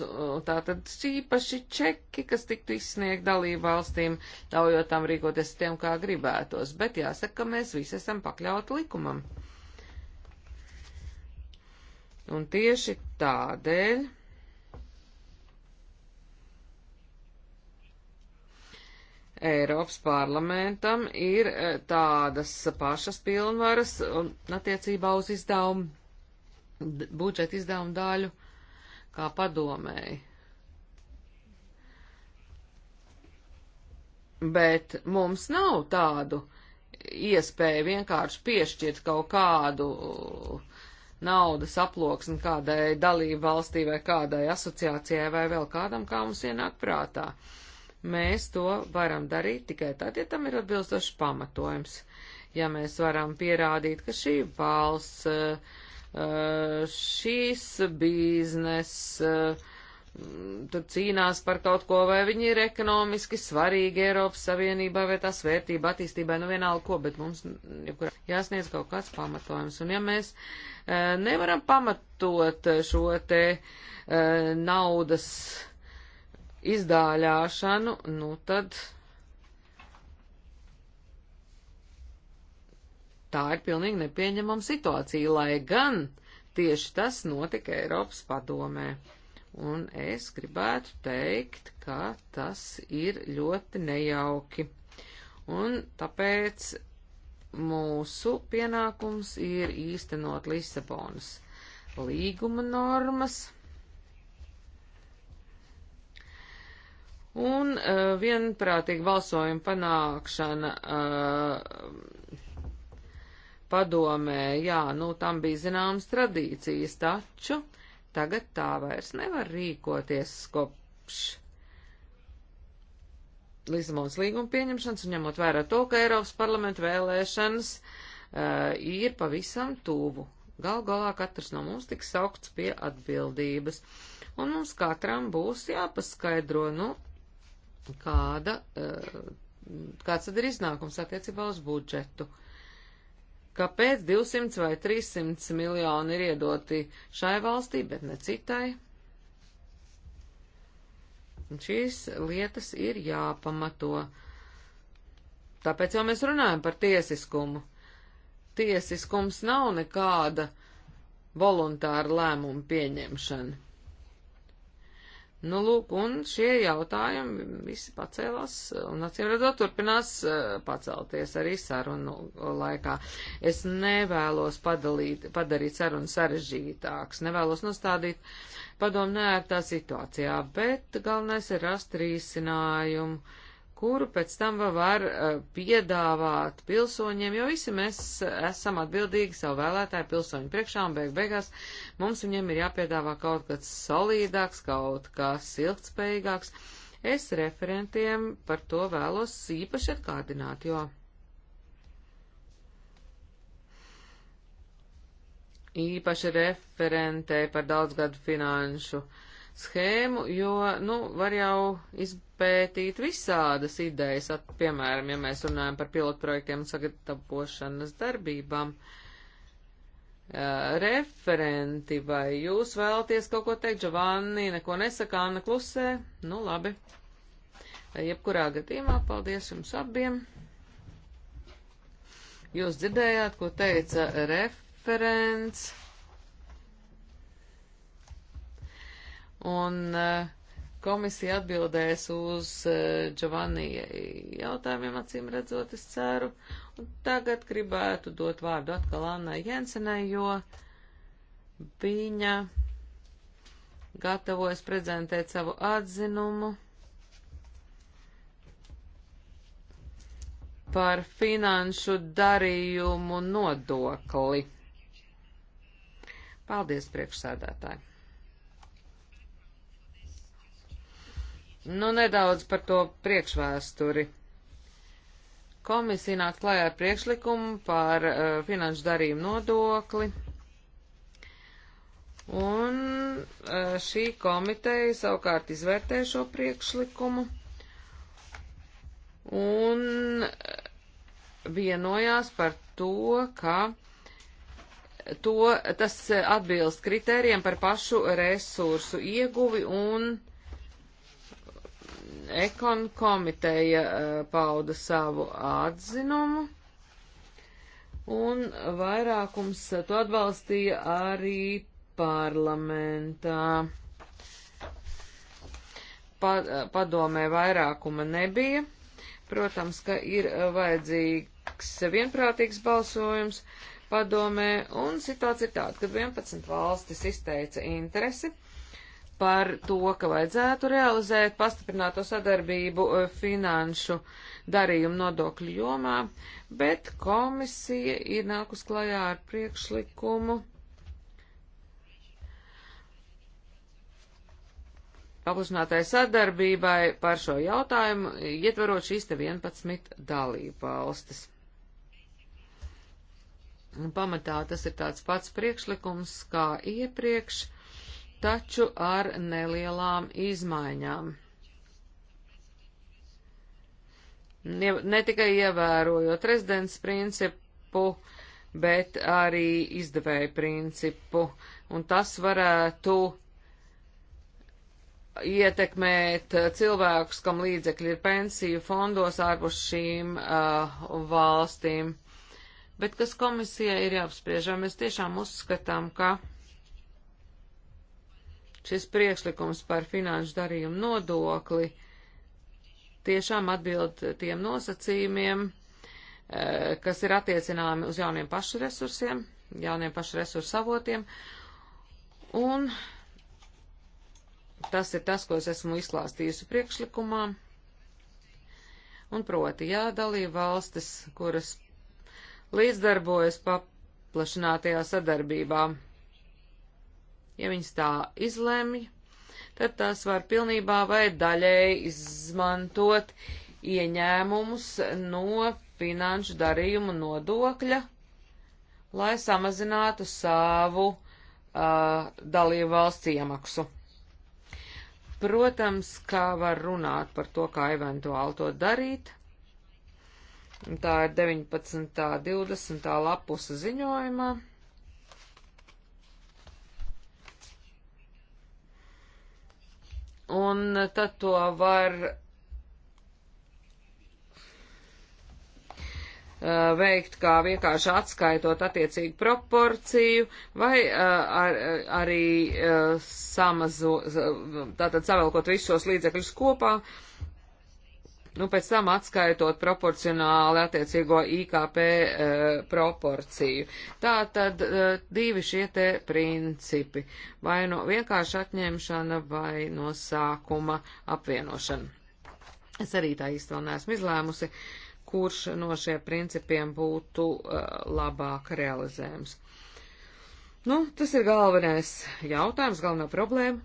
Tātad īpaši čeki, kas tiktu izsniegt dalību valstīm, ļaujot tam rīkoties tiem, kā gribētos. Bet jāsaka, ka mēs visi esam pakļauti likumam. Un tieši tādēļ Eiropas parlamentam ir eh, tādas pašas pilnvaras un attiecībā uz izdevumu, budžeta izdevumu daļu kā padomēji. Bet mums nav tādu iespēju vienkārši piešķirt kaut kādu naudas aploksni kādai dalību valstī vai kādai asociācijai vai vēl kādam, kā mums ienāk prātā. Uh, Mēs to varam darīt tikai tad, ja tam ir atbilstošs pamatojums. Ja mēs varam pierādīt, ka šī valsts, eh, šīs biznes, eh, tur cīnās par kaut ko, vai viņi ir ekonomiski svarīgi Eiropas Savienībai, vai tās vērtība attīstībai, nu vienalga ko, bet mums jāsniedz kaut kāds pamatojums. Un ja mēs eh, nevaram pamatot šo te naudas izdāļāšanu, nu tad tā ir pilnīgi nepieņemama situācija, lai gan tieši tas notika Eiropas padomē. Un es gribētu teikt, ka tas ir ļoti nejauki. Un tāpēc mūsu pienākums ir īstenot Lisabonas līguma normas Un uh, eh, vienprātīga balsojuma panākšana uh, padomē, jā, nu tam bija zināmas tradīcijas, taču tagad tā vairs nevar rīkoties kopš Lisabonas līguma pieņemšanas un ņemot vērā to, ka Eiropas parlamenta vēlēšanas uh, ir pavisam tuvu. Gal galā katrs no mums tiks saukts pie atbildības. Un mums katram būs jāpaskaidro, nu, kāda, eh, kāds tad ir iznākums attiecībā uz budžetu. Kāpēc 200 vai 300 miljoni ir iedoti šai valstī, bet ne citai? Un šīs lietas ir jāpamato. Tāpēc jau mēs runājam par tiesiskumu. Tiesiskums nav nekāda voluntāra lēmuma pieņemšana. Nu, lūk, un šie jautājumi visi pacēlās, un acīm redzot, turpinās eh, pacelties arī sarunu laikā. Es nevēlos padalīt, padarīt sarunu sarežģītāks, nevēlos nostādīt padomu neērtā situācijā, bet galvenais ir rast risinājumu kuru pēc tam var eh, piedāvāt pilsoņiem, jo visi mēs eh, esam atbildīgi savu vēlētāju pilsoņu priekšā un beig beigās mums viņiem ir jāpiedāvā kaut kas solīdāks, kaut kas ilgtspējīgāks. Es referentiem par to vēlos īpaši atgādināt, jo īpaši referentei par daudzgadu finanšu uh, schēmu, jo, nu, var jau izpētīt visādas idejas, at, piemēram, ja mēs runājam par pilotprojektiem un sagatavošanas darbībām. Uh, referenti, vai jūs vēlaties kaut ko teikt, Giovanni, neko nesaka, Anna klusē? Nu, labi. Jebkurā gadījumā, paldies jums abiem. Jūs dzirdējāt, ko teica referents. Un eh, komisija atbildēs uz eh, Giovanni jautājumiem, acīm redzot, es ceru. Un tagad gribētu dot vārdu atkal Annai Jensenai, jo viņa gatavojas prezentēt savu atzinumu par finanšu darījumu nodokli. Paldies, priekšsēdētāji! Nu, nedaudz par to priekšvēsturi. Komisija nāk klājā ar priekšlikumu par uh, finanšu darījumu nodokli. Un uh, šī komiteja savukārt izvērtē šo priekšlikumu un eh, vienojās par to, ka to, tas atbilst kritērijiem par pašu resursu ieguvi un uh, Ekon komiteja eh, pauda savu atzinumu, un vairākums to atbalstīja arī parlamentā. Pa, eh, padomē vairākuma nebija. Protams, ka ir eh, vajadzīgs vienprātīgs balsojums padomē, un situācija ir tāda, ka 11 valstis izteica interesi par to, ka vajadzētu realizēt pastiprināto sadarbību e, finanšu darījumu nodokļu jomā, bet komisija ir nākus klajā ar priekšlikumu paplašinātai sadarbībai par šo jautājumu, ietverot šīs te 11 dalību valstis. Pamatā tas ir tāds pats priekšlikums kā iepriekš taču ar nelielām izmaiņām. Ne, ne tikai ievērojot rezidents principu, bet arī izdevēju principu, un tas varētu ietekmēt cilvēkus, kam līdzekļi ir pensiju fondos ārpus šīm uh, valstīm. Bet kas komisijai ir jāapspriež, vai mēs tiešām uzskatām, ka šis priekšlikums par finanšu darījumu nodokli tiešām atbild tiem nosacījumiem, eh, kas ir attiecināmi uz jauniem pašu resursiem, jauniem pašu resursu avotiem. Un tas ir tas, ko es esmu izklāstījusi priekšlikumā. Un proti, jā, dalība valstis, kuras līdzdarbojas paplašinātajā sadarbībā ja viņas tā izlemj, tad tās var pilnībā vai daļēji izmantot ieņēmumus no finanšu darījumu nodokļa, lai samazinātu savu uh, dalību valsts iemaksu. Protams, kā var runāt par to, kā eventuāli to darīt. Tā ir 19. 20. lapusa ziņojumā. un tad to var eh, veikt kā vienkārši atskaitot attiecīgu proporciju vai eh, ar, arī eh, samazo, tātad savelkot visus šos līdzekļus kopā nu, pēc tam atskaitot proporcionāli attiecīgo IKP e, eh, proporciju. Tā tad e, divi šie te principi - vai no vienkārši atņemšana vai no sākuma apvienošana. Es arī tā īsti vēl neesmu izlēmusi, kurš no šiem principiem būtu e, labāk realizējams. Nu, tas ir galvenais jautājums, galvenā problēma.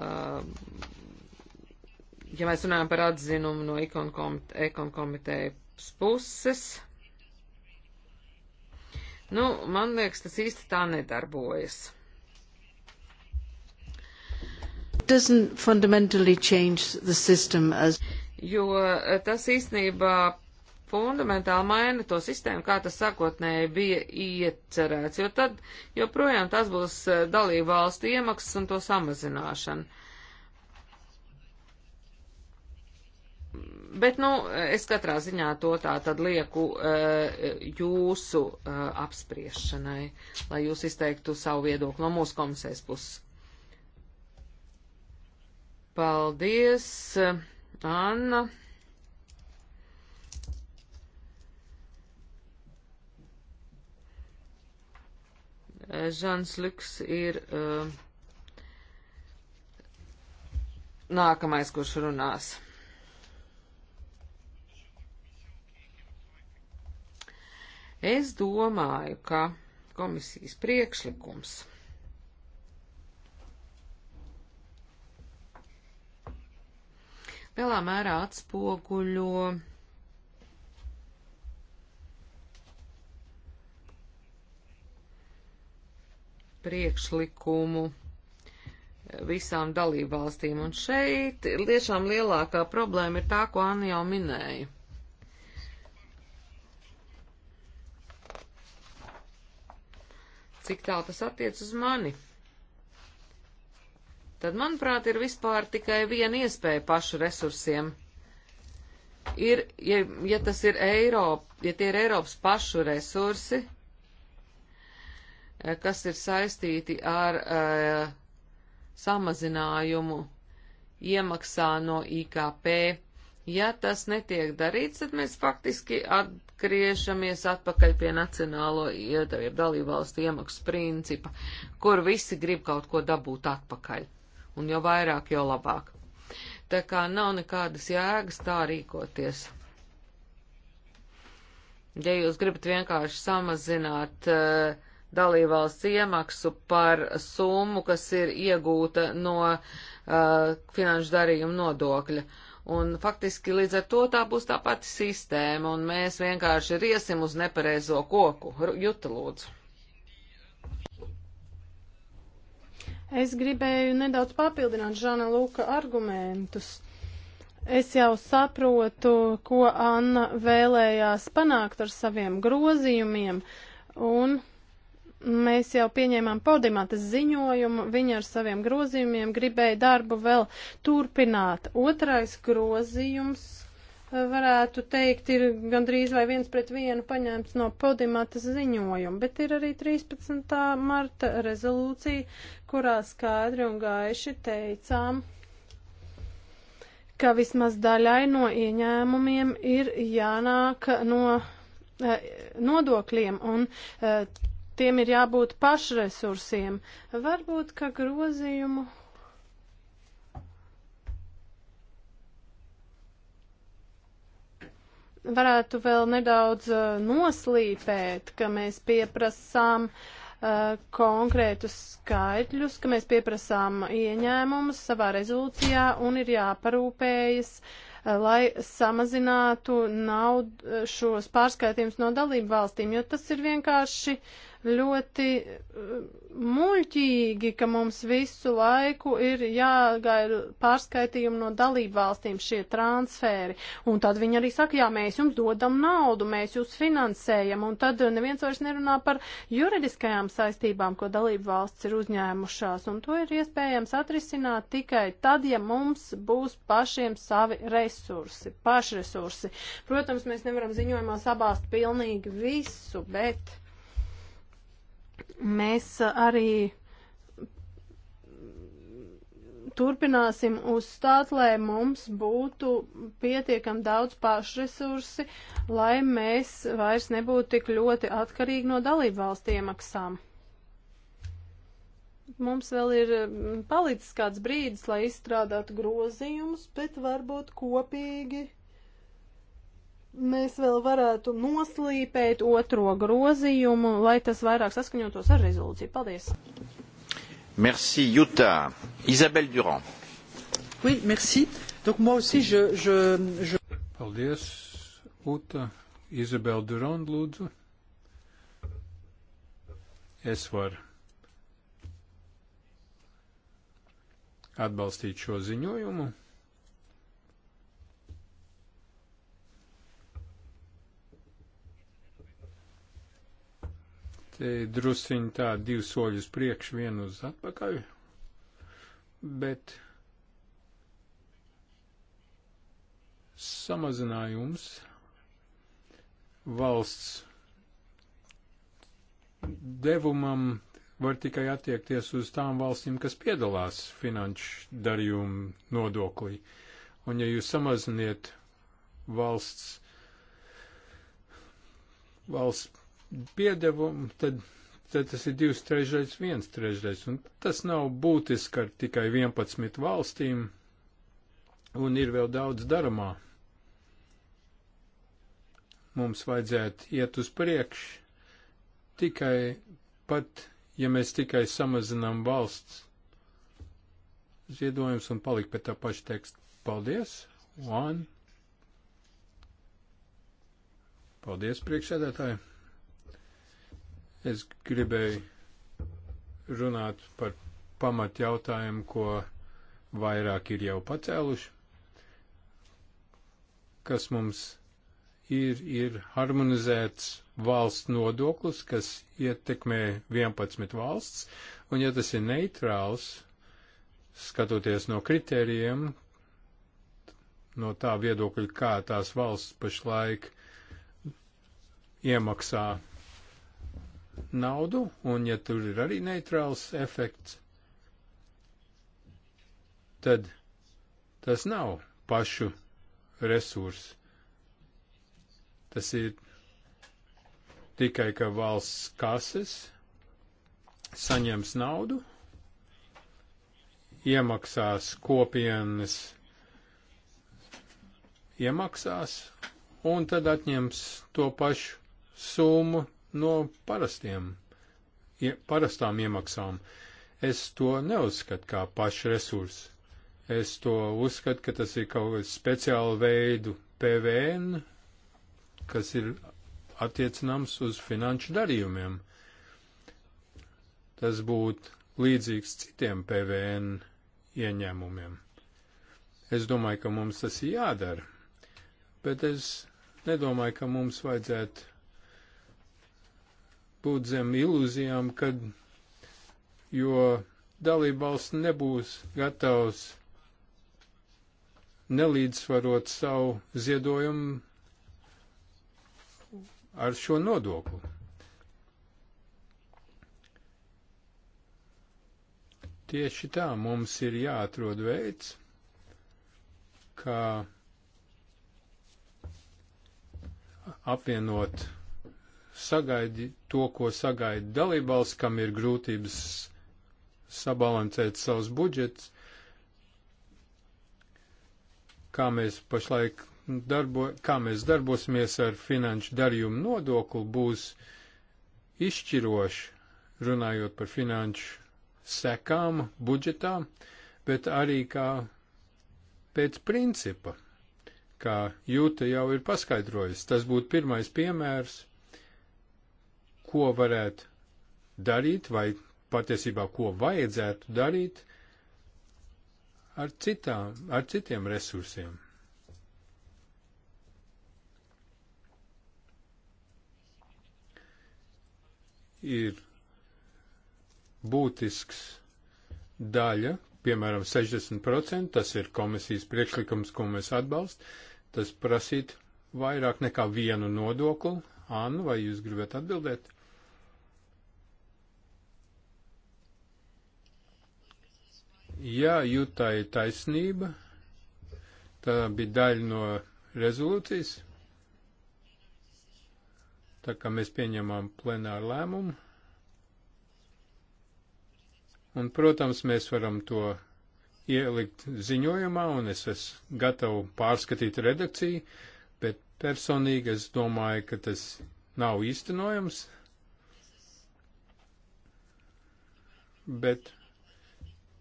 ja mēs runājam par atzinumu no ekon komite, komitejas puses, nu, man liekas, tas īsti tā nedarbojas. As... Jo tas īstenībā fundamentāli maina to sistēmu, kā tas sākotnēji bija iecerēts, jo tad joprojām tas būs eh, dalību valstu iemaksas un to samazināšana. Bet, nu, es katrā ziņā to tā tad lieku eh, jūsu eh, apspriešanai, lai jūs izteiktu savu viedokli no mūsu komisijas puses. Paldies, Anna. Žans Liks ir uh, nākamais, kurš runās. Es domāju, ka komisijas priekšlikums lielā mērā atspoguļo priekšlikumu visām dalībvalstīm. Un šeit tiešām lielākā problēma ir tā, ko Anna jau minēja. Cik tālu tas attiec uz mani? Tad, manuprāt, ir vispār tikai viena iespēja pašu resursiem. Ir, ja, ja tas ir Eiropa, ja tie ir Eiropas pašu resursi, Eh, kas ir saistīti ar uh, samazinājumu iemaksā no IKP. Ja tas netiek darīts, tad mēs faktiski atgriežamies atpakaļ pie nacionālo ja dalībvalstu iemaksu principa, kur visi grib kaut ko dabūt atpakaļ. Un jo vairāk, jo labāk. Tā kā nav nekādas jēgas tā rīkoties. Ja jūs gribat vienkārši samazināt uh, dalībvalsts iemaksu par summu, kas ir iegūta no uh, finanšu darījuma nodokļa. Un faktiski līdz ar to tā būs tā pati sistēma, un mēs vienkārši riesim uz nepareizo koku. Juta lūdzu. Es gribēju nedaudz papildināt Žana Luka argumentus. Es jau saprotu, ko Anna vēlējās panākt ar saviem grozījumiem, un Mēs jau pieņēmām Podimatas ziņojumu, viņa ar saviem grozījumiem gribēja darbu vēl turpināt. Otrais grozījums, eh, varētu teikt, ir gandrīz vai viens pret vienu paņēmts no Podimatas ziņojuma, bet ir arī 13. marta rezolūcija, kurā skaidri un gaiši teicām, ka vismaz daļai no ieņēmumiem ir jānāk no eh, nodokļiem un eh, tiem ir jābūt pašresursiem. Varbūt, ka grozījumu. Varētu vēl nedaudz uh, noslīpēt, ka mēs pieprasām uh, konkrētus skaitļus, ka mēs pieprasām ieņēmumus savā rezolūcijā un ir jāparūpējas uh, lai samazinātu naudu šos pārskaitījumus no dalību valstīm, jo tas ir vienkārši uh, ļoti uh, muļķīgi, ka mums visu laiku ir jāgaida pārskaitījumi no dalību valstīm šie transferi. Un tad viņi arī saka, jā, mēs jums dodam naudu, mēs jūs finansējam. Un tad neviens vairs nerunā par juridiskajām saistībām, ko dalību valsts ir uzņēmušās. Un to ir iespējams atrisināt tikai tad, ja mums būs pašiem savi resursi, pašresursi. Protams, mēs nevaram ziņojumā sabāst pilnīgi visu, bet Mēs arī turpināsim uzstāt, lai mums būtu pietiekam daudz pašresursi, lai mēs vairs nebūtu tik ļoti atkarīgi no dalību valstu iemaksām. Mums vēl ir mm, palicis kāds brīdis, lai izstrādātu grozījumus, bet varbūt kopīgi mēs vēl varētu noslīpēt otro grozījumu, lai tas vairāk saskaņotos ar rezolūciju. Paldies! Merci, Jutta. Isabelle Durand. Oui, merci. Donc moi aussi, je... je, je... Paldies, Uta. Isabelle Durand, lūdzu. Es varu atbalstīt šo ziņojumu. te drusiņ tā divu soļus priekš, vienu uz atpakaļ, bet samazinājums valsts devumam var tikai attiekties uz tām valstīm, kas piedalās finanšu darījumu nodoklī. Un ja jūs samaziniet valsts, valsts piedevumu, tad, tad tas ir divas trešdaļas, viens trešdaļas, un tas nav būtiski ar tikai 11 valstīm, un ir vēl daudz darāmā. Mums vajadzētu iet uz priekšu tikai pat, ja mēs tikai samazinām valsts ziedojums un palikt pie tā paša teksta. Paldies! One. Paldies, priekšsēdētāji! Es gribēju runāt par pamat jautājumu, ko vairāk ir jau pacēluši, kas mums ir, ir harmonizēts valsts nodoklis, kas ietekmē 11 valsts, un ja tas ir neitrāls, skatoties no kritērijiem, no tā viedokļa, kā tās valsts pašlaik iemaksā naudu, un ja tur ir arī neitrāls efekts, tad tas nav pašu resurs. Tas ir tikai, ka valsts kases saņems naudu, iemaksās kopienas iemaksās, un tad atņems to pašu summu no parastiem, parastām iemaksām. Es to neuzskatu kā pašu resursu. Es to uzskatu, ka tas ir kaut kāds speciāla veidu PVN, kas ir attiecināms uz finanšu darījumiem. Tas būtu līdzīgs citiem PVN ieņēmumiem. Es domāju, ka mums tas ir jādara, bet es nedomāju, ka mums vajadzētu būt zem ilūzijām, kad, jo dalībvalsts nebūs gatavs nelīdzsvarot savu ziedojumu ar šo nodokli. Tieši tā mums ir jāatrod veids, kā apvienot sagaidi to, ko sagaida dalībvalsts, kam ir grūtības sabalansēt savus budžets, kā mēs pašlaik darbo, kā mēs darbosimies ar finanšu darījumu nodokli, būs izšķiroši, runājot par finanšu sekām budžetā, bet arī kā pēc principa, kā Jūta jau ir paskaidrojusi. Tas būtu pirmais piemērs ko varētu darīt vai patiesībā ko vajadzētu darīt ar, citām, ar citiem resursiem. Ir būtisks daļa, piemēram, 60%, tas ir komisijas priekšlikums, ko mēs atbalst, tas prasīt vairāk nekā vienu nodoklu. Annu, vai jūs gribat atbildēt? Jā, jūtai taisnība, tā bija daļa no rezolūcijas, tā kā mēs pieņemām plenāru lēmumu. Un, protams, mēs varam to ielikt ziņojumā, un es esmu gatavu pārskatīt redakciju, bet personīgi es domāju, ka tas nav īstenojams. Bet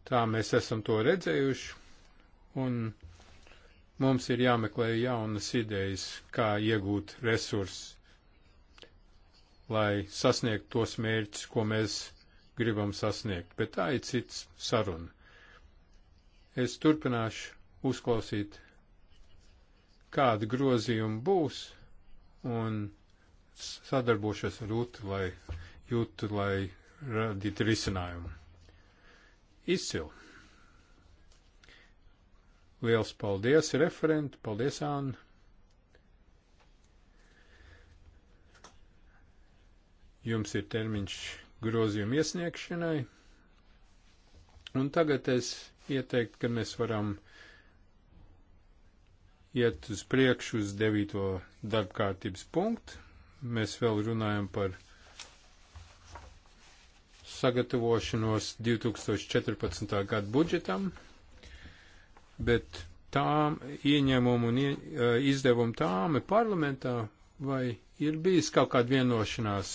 Tā mēs esam to redzējuši, un mums ir jāmeklē jaunas idejas, kā iegūt resursus, lai sasniegtu tos mērķus, ko mēs gribam sasniegt, bet tā ir cits saruna. Es turpināšu uzklausīt, kāda grozījuma būs, un sadarbošos ar Rūtu, lai jūtu, lai radītu risinājumu. Izcili. Liels paldies, referenti, paldies, Anna. Jums ir termiņš grozījuma iesniegšanai. Un tagad es ieteiktu, ka mēs varam iet uz priekšu uz devīto darbkārtības punktu. Mēs vēl runājam par sagatavošanos 2014. gada budžetam, bet tām ieņēmumu un izdevumu tāme parlamentā vai ir bijis kaut kāda vienošanās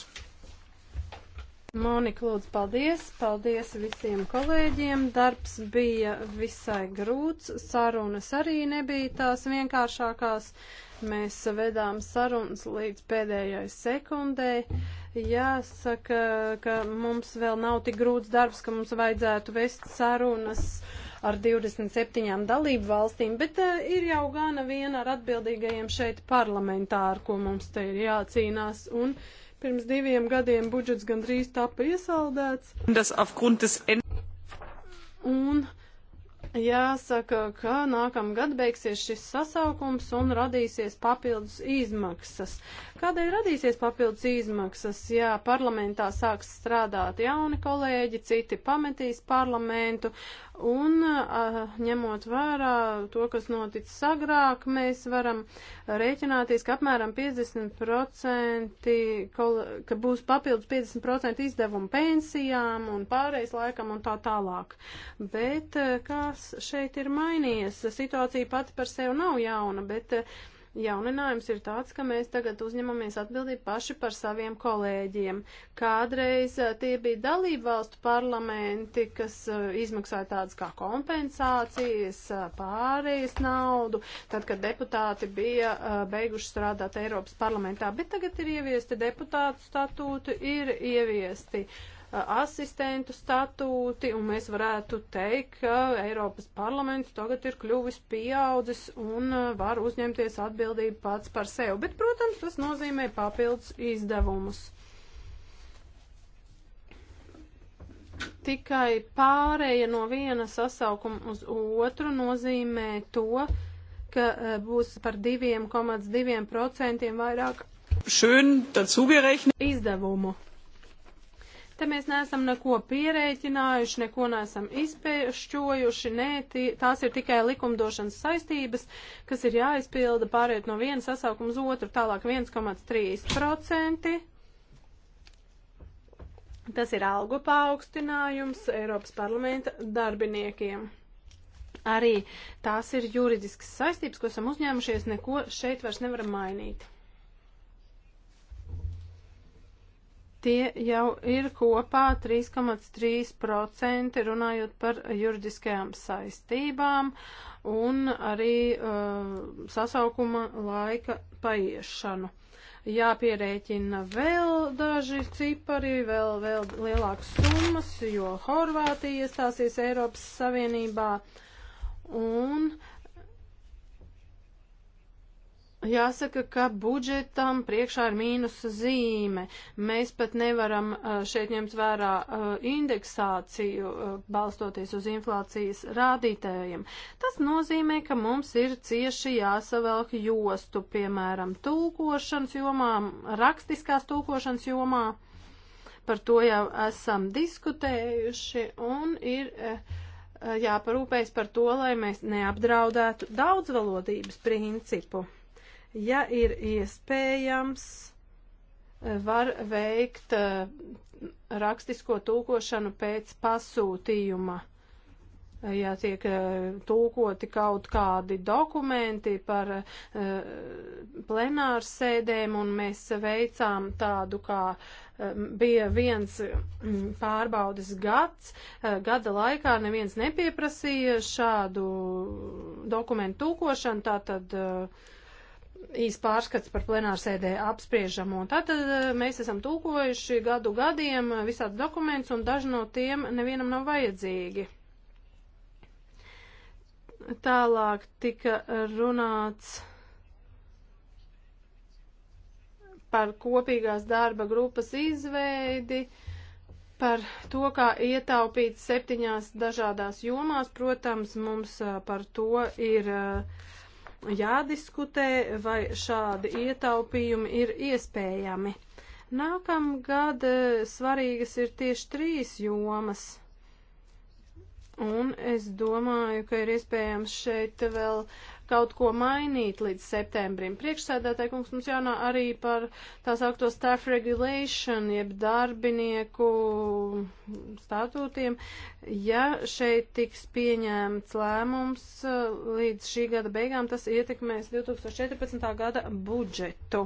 Monika, lūdzu, paldies. Paldies visiem kolēģiem. Darbs bija visai grūts. Sarunas arī nebija tās vienkāršākās. Mēs vedām sarunas līdz pēdējai sekundei. Jāsaka, ka mums vēl nav tik grūts darbs, ka mums vajadzētu vest sarunas ar 27 dalību valstīm, bet uh, ir jau gana viena ar atbildīgajiem šeit parlamentāru, ko mums te ir jācīnās. Un, uh, Pirms diviem gadiem budžets gandrīz tapa iesaldēts. Un jāsaka, ka nākamgad beigsies šis sasaukums un radīsies papildus izmaksas. Kādēļ radīsies papildus izmaksas? Jā, parlamentā sāks strādāt jauni kolēģi, citi pametīs parlamentu. Uh, Un ņemot vērā to, kas noticis agrāk, mēs varam rēķināties, ka apmēram 50%, ka būs papildus 50% izdevumu pensijām un pārējais laikam un tā tālāk. Bet kas šeit ir mainījies? Situācija pati par sevi nav jauna, bet uh, Jauninājums ir tāds, ka mēs tagad uzņemamies atbildību paši par saviem kolēģiem. Kādreiz eh, tie bija dalību valstu parlamenti, kas eh, izmaksāja tādas kā kompensācijas, eh, pārējas naudu, tad, kad deputāti bija beiguši strādāt Eiropas parlamentā, bet tagad ir ieviesti deputātu statūti, ir ieviesti uh, asistentu statūti, un mēs varētu teikt, ka Eiropas parlaments tagad ir kļuvis pieaudzis un uh, var uzņemties atbildību pats par sevi. Bet, protams, tas nozīmē papildus izdevumus. Tikai pārēja no viena sasaukuma uz otru nozīmē to, ka uh, būs par 2,2% vairāk. Schön dazugerechnet. Izdevumu. Te mēs neesam neko pierēķinājuši, neko neesam izpēšķojuši, nē, tī, tās ir tikai likumdošanas saistības, kas ir jāizpilda pāriet no viena sasaukuma uz otru, tālāk 1,3%. Tas ir algu paaugstinājums Eiropas parlamenta darbiniekiem. Arī tās ir juridiskas saistības, ko esam uzņēmušies, neko šeit vairs nevaram mainīt. Tie jau ir kopā 3,3% runājot par juridiskajām saistībām un arī uh, sasaukuma laika paiešanu. Jāpierēķina vēl daži cipari, vēl, vēl lielākas summas, jo Horvātija iestāsies Eiropas Savienībā un uh, Jāsaka, ka budžetam priekšā ir mīnusa zīme. Mēs pat nevaram šeit ņemt vērā indeksāciju, balstoties uz inflācijas rādītējiem. Tas nozīmē, ka mums ir cieši jāsavelk jostu, piemēram, tulkošanas jomā, rakstiskās tulkošanas jomā. Par to jau esam diskutējuši un ir. Eh, jāparūpējas par to, lai mēs neapdraudētu daudzvalodības principu. Ja ir iespējams, eh, var veikt eh, rakstisko tūkošanu pēc pasūtījuma. Eh, ja tiek tūkoti kaut kādi dokumenti par plenāru sēdēm, un mēs veicām tādu kā bija viens mm, pārbaudas gads, gada laikā neviens nepieprasīja šādu dokumentu tūkošanu, tātad uh, īs pārskats par plenārsēdē apspriežamo. Tātad eh, mēs esam tūkojuši gadu gadiem visādi dokumentus, un daži no tiem nevienam nav vajadzīgi. Tālāk tika runāts par kopīgās darba grupas izveidi, par to, kā ietaupīt septiņās dažādās jomās. Protams, mums eh, par to ir uh, jādiskutē, vai šādi ietaupījumi ir iespējami. Nākamgad e, svarīgas ir tieši trīs jomas. Un es domāju, ka ir iespējams šeit vēl uh, kaut ko mainīt līdz septembrim. Priekšsēdētāji kungs mums jānā arī par tās augto staff regulation, jeb darbinieku statūtiem. Ja šeit tiks pieņēmts lēmums eh, līdz šī gada beigām, tas ietekmēs 2014. gada budžetu.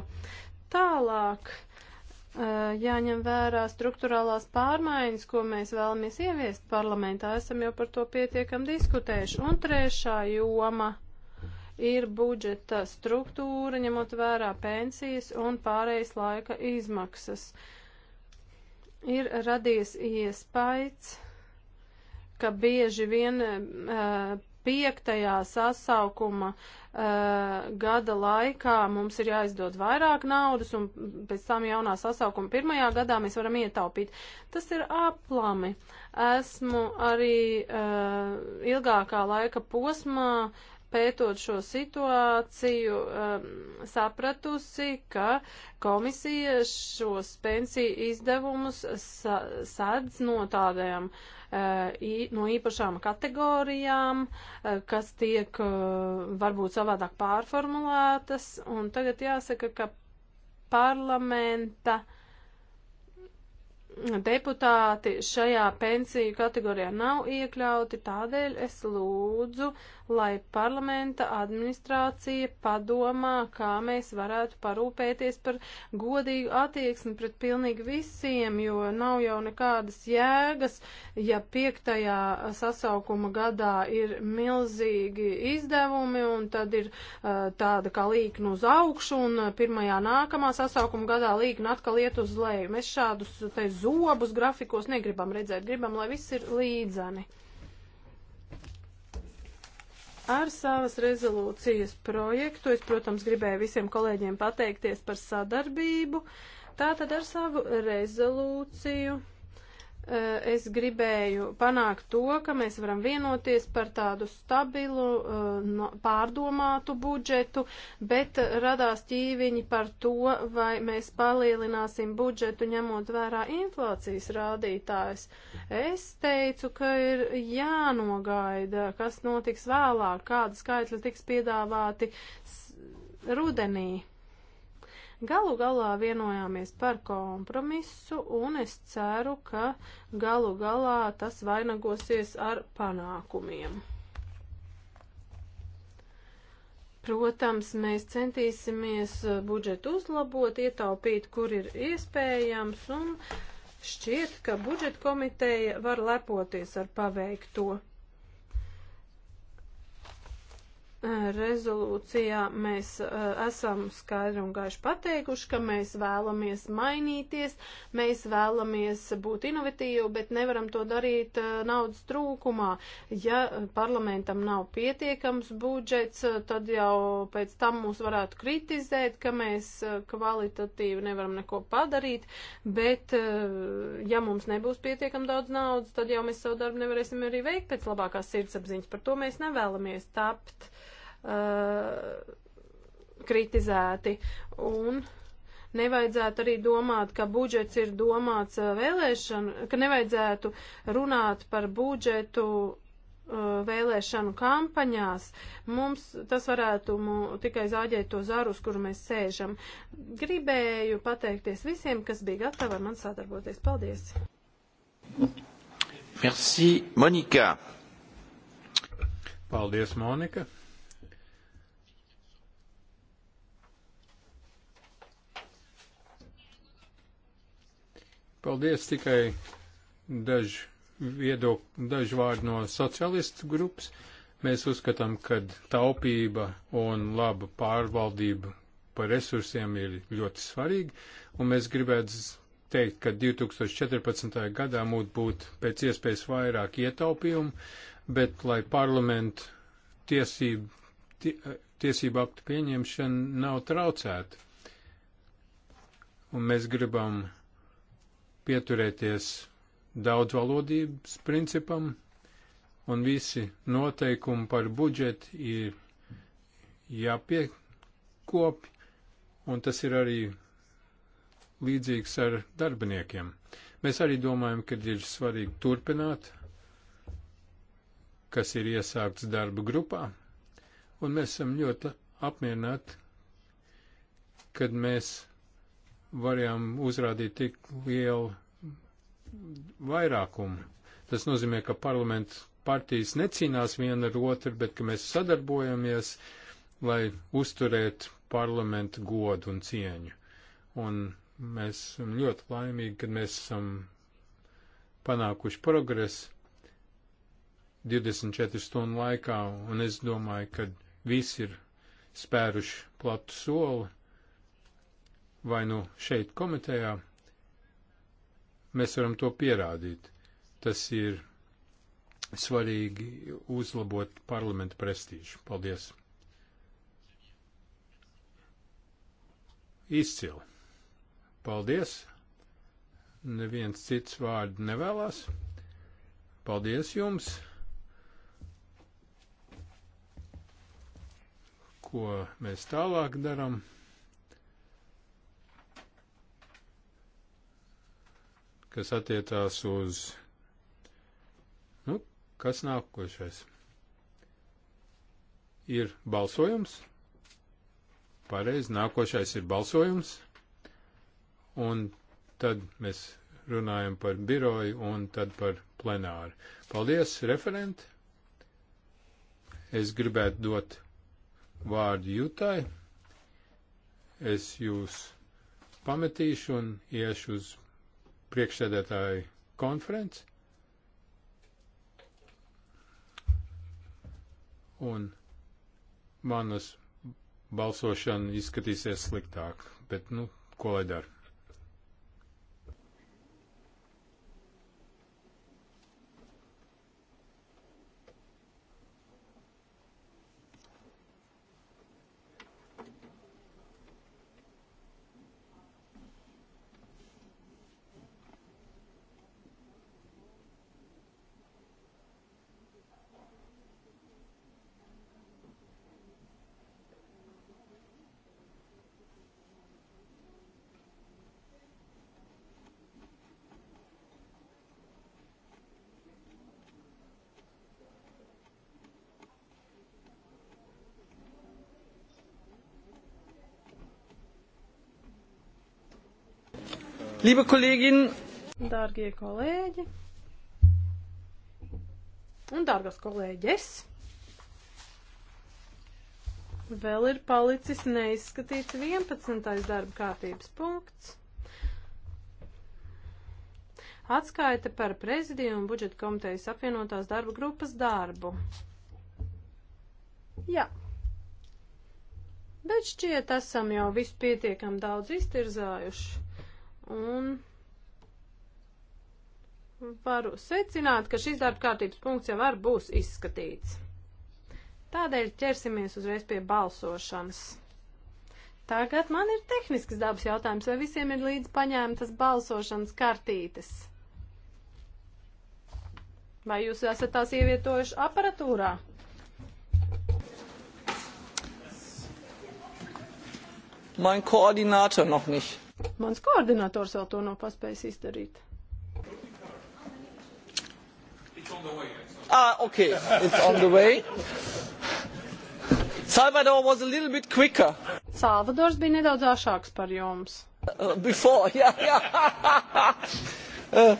Tālāk eh, jāņem vērā struktūrālās pārmaiņas, ko mēs vēlamies ieviest parlamentā. Esam jau par to pietiekam diskutējuši. Un trešā joma. Jo ir budžeta struktūra, ņemot vērā pensijas un pārējais laika izmaksas. Ir radies iespējas, ka bieži vien uh, piektajā sasaukuma uh, gada laikā mums ir jāizdod vairāk naudas, un pēc tam jaunā sasaukuma pirmajā gadā mēs varam ietaupīt. Tas ir aplami. Esmu arī uh, ilgākā laika posmā pētot šo situāciju, um, sapratusi, ka komisija šos pensiju izdevumus sa sadz no tādajām uh, no īpašām kategorijām, uh, kas tiek uh, varbūt savādāk pārformulētas. Un tagad jāsaka, ka parlamenta deputāti šajā pensiju kategorijā nav iekļauti, tādēļ es lūdzu lai parlamenta administrācija padomā, kā mēs varētu parūpēties par godīgu attieksmi pret pilnīgi visiem, jo nav jau nekādas jēgas, ja piektajā sasaukuma gadā ir milzīgi izdevumi un tad ir uh, tāda kā līkna uz augšu un pirmajā nākamā sasaukuma gadā līkna atkal iet uz leju. Mēs šādus te zobus grafikos negribam redzēt, gribam, lai viss ir līdzeni. Ar savas rezolūcijas projektu es, protams, gribēju visiem kolēģiem pateikties par sadarbību. Tātad ar savu rezolūciju Eh, es gribēju panākt to, ka mēs varam vienoties par tādu stabilu, eh, pārdomātu budžetu, bet radās ķīviņi par to, vai mēs palielināsim budžetu ņemot vērā inflācijas rādītājs. Es teicu, ka ir jānogaida, kas notiks vēlāk, kāda skaitļa tiks piedāvāti rudenī Galu galā vienojāmies par kompromisu, un es ceru, ka galu galā tas vainagosies ar panākumiem. Protams, mēs centīsimies budžetu uzlabot, ietaupīt, kur ir iespējams, un šķiet, ka budžeta komiteja var lepoties ar paveikto. rezolūcijā mēs eh, esam skaidri un gaiši pateikuši, ka mēs vēlamies mainīties, mēs vēlamies būt inovatīvi, bet nevaram to darīt eh, naudas trūkumā. Ja eh, parlamentam nav pietiekams budžets, tad jau pēc tam mūs varētu kritizēt, ka mēs kvalitatīvi nevaram neko padarīt, bet ja mums nebūs pietiekami daudz naudas, tad jau mēs savu darbu nevarēsim arī veikt pēc labākās sirdsapziņas. Par to mēs nevēlamies tapt. Uh, uh, kritizēti. Un nevajadzētu arī domāt, ka budžets ir domāts uh, vēlēšanu, ka nevajadzētu runāt par budžetu uh, vēlēšanu kampaņās, mums tas varētu mu, tikai zāģēt to zārus, kur mēs sēžam. Gribēju pateikties visiem, kas bija gatavi ar man sadarboties. Paldies! Merci, Monika! Paldies, Monika! Paldies tikai daži viedokļi, daži vārdi no socialistu grupas. Mēs uzskatām, ka taupība un laba pārvaldība par resursiem ir ļoti svarīga, un mēs gribētu teikt, ka 2014. gadā mūtu būtu pēc iespējas vairāk ietaupījumu, bet lai parlamentu tiesību, tie, tiesību aktu pieņemšana nav traucēta. Un mēs gribam pieturēties daudzvalodības principam, un visi noteikumi par budžetu ir jāpiekopj, un tas ir arī līdzīgs ar darbiniekiem. Mēs arī domājam, ka ir svarīgi turpināt, kas ir iesākts darba grupā, un mēs esam ļoti apmierināti, kad mēs varējām uzrādīt tik lielu vairākumu. Tas nozīmē, ka parlaments partijas necīnās viena ar otru, bet ka mēs sadarbojamies, lai uzturētu parlamentu godu un cieņu. Un mēs esam ļoti laimīgi, kad mēs esam panākuši progresu 24 stundu laikā, un es domāju, ka visi ir spēruši platu soli vai nu šeit komitejā, mēs varam to pierādīt. Tas ir svarīgi uzlabot parlamentu prestīžu. Paldies! Izcili! Paldies! Neviens cits vārdu nevēlas. Paldies jums! Ko mēs tālāk darām? kas attiecās uz, nu, kas nākošais. Ir balsojums, pareizi, nākošais ir balsojums, un tad mēs runājam par biroju un tad par plenāru. Paldies, referenti! Es gribētu dot vārdu jūtai. Es jūs pametīšu un iešu uz priekšsēdētāju konferenci. Un manas balsošana izskatīsies sliktāk, bet, nu, ko lai dara? Liebe Kolleginnen, dārgie kolēģi un dārgas kolēģes, vēl ir palicis neizskatīts 11. darba kārtības punkts. Atskaita par prezidiju un budžeta komitejas apvienotās darba grupas darbu. Jā. Bet šķiet, esam jau visu pietiekam daudz iztirzājuši un varu secināt, ka šis darba kārtības punkts jau var būs izskatīts. Tādēļ ķersimies uzreiz pie balsošanas. Tagad man ir tehnisks dabas jautājums, vai visiem ir līdz paņēmtas balsošanas kartītes? Vai jūs esat tās ievietojuši aparatūrā? Mein Koordinator noch nicht. Mans koordinators vēl to nav paspējis izdarīt. Ah, okay, it's on the way. Salvador was a little bit quicker. Salvadors bija nedaudz āšāks par jums. Uh, before, yeah, yeah. uh,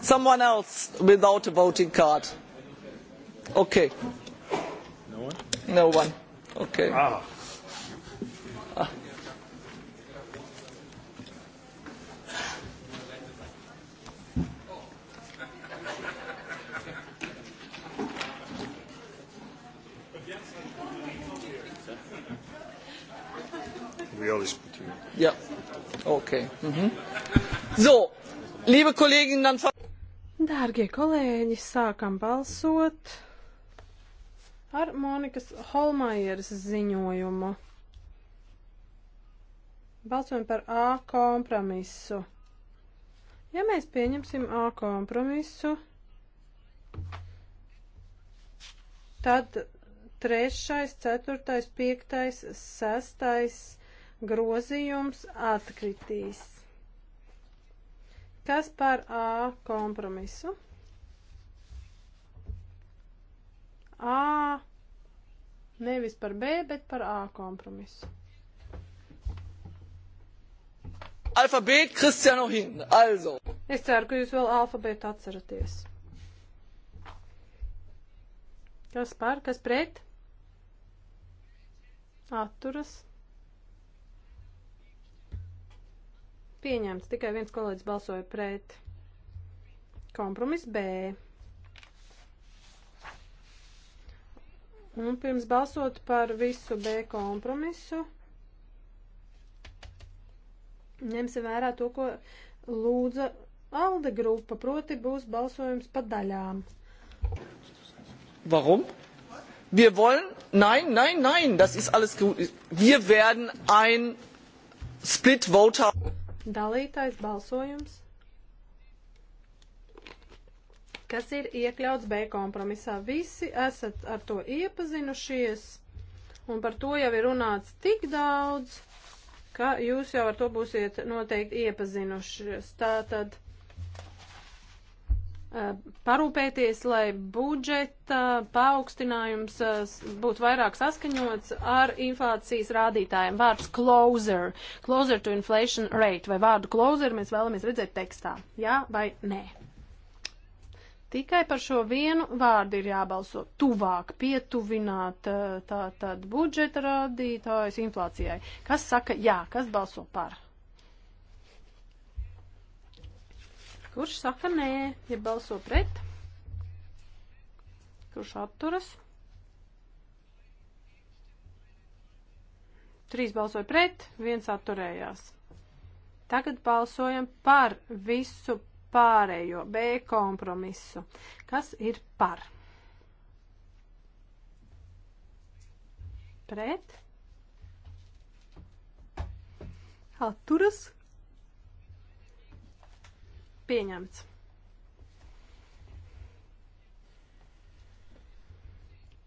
someone else without a voting card. Okay. No one? No one. Okay. Ah. we are disputing. Yeah. Okay. Mm -hmm. So, liebe Kolleginnen und Dārgie kolēģi, sākam balsot ar Monikas Holmajeras ziņojumu. Balsojam par A kompromisu. Ja mēs pieņemsim A kompromisu, tad trešais, ceturtais, piektais, sestais grozījums atkritīs. Kas par A kompromisu? A nevis par B, bet par A kompromisu. Alfabēt Kristiāno hin, also. Es ceru, ka jūs vēl alfabētu atceraties. Kas par, kas pret? Atturas. pieņemts, tikai viens kolēģis balsoja pret. Kompromis B. Un pirms balsot par visu B kompromisu, ņemsim vērā to, ko lūdza Alde grupa, proti būs balsojums pa daļām. Warum? Wir wollen, nein, nein, nein, das ist alles gut. Wir werden ein Split Voter dalītais balsojums, kas ir iekļauts B kompromisā. Visi esat ar to iepazinušies, un par to jau ir runāts tik daudz, ka jūs jau ar to būsiet noteikti iepazinušies. Tātad parūpēties, lai budžeta paaugstinājums eh, būtu vairāk saskaņots ar inflācijas rādītājiem. Vārds closer, closer to inflation rate vai vārdu closer mēs vēlamies redzēt tekstā. Jā vai nē? Tikai par šo vienu vārdu ir jābalso tuvāk, pietuvināt eh, tā tad budžeta rādītājus inflācijai. Kas saka jā, kas balso par? Kurš saka nē, ja balso pret? Kurš atturas? Trīs balsoja pret, viens atturējās. Tagad balsojam par visu pārējo B kompromisu. Kas ir par? Pret? Atturas? Pieņemts.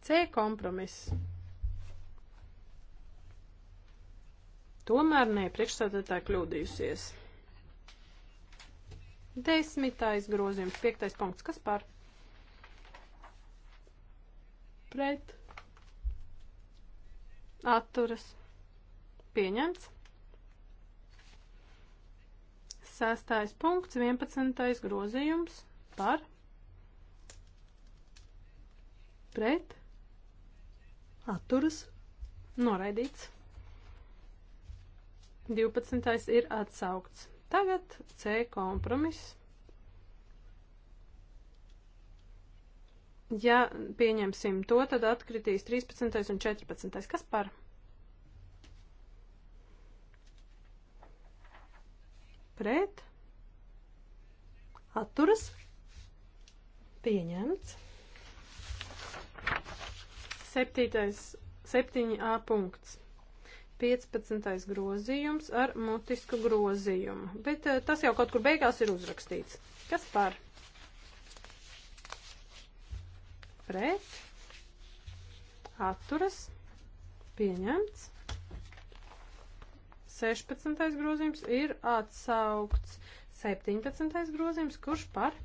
C kompromiss. Tomēr nē, priekšsēdētāji kļūdījusies. Desmitais grozījums, piektais punkts. Kas par? Pret. Atturas. Pieņemts. Sastais punkts, 11. grozījums par pret atturas noraidīts. 12. ir atsaukts. Tagad C kompromiss. Ja pieņemsim to, tad atkritīs 13. un 14. Kas par? pret, atturas, pieņemts. Septītais, septiņi A punkts. 15. grozījums ar mutisku grozījumu, bet eh, tas jau kaut kur beigās ir uzrakstīts. Kas par? Pret, atturas, pieņemts. 16. grozījums ir atsaukts. 17. grozījums, kurš par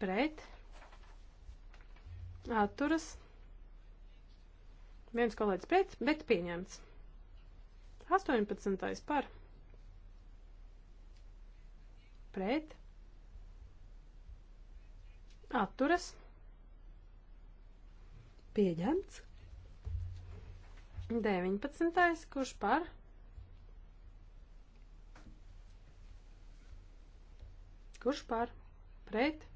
pret atturas. Viens kolēģis pret, bet pieņemts. 18. par pret atturas. Pieņemts. 19. Kurš par? Kurš par? Pret?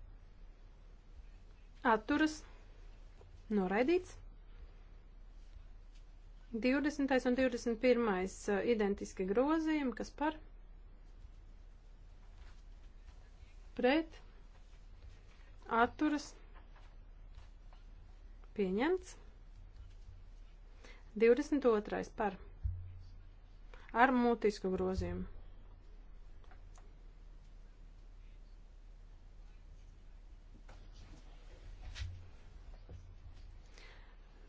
Atturas? Noraidīts? 20. un 21. Uh, identiski grozījumi, kas par? Pret? Atturas? Pieņemts? 22. par ar mutisku grozījumu.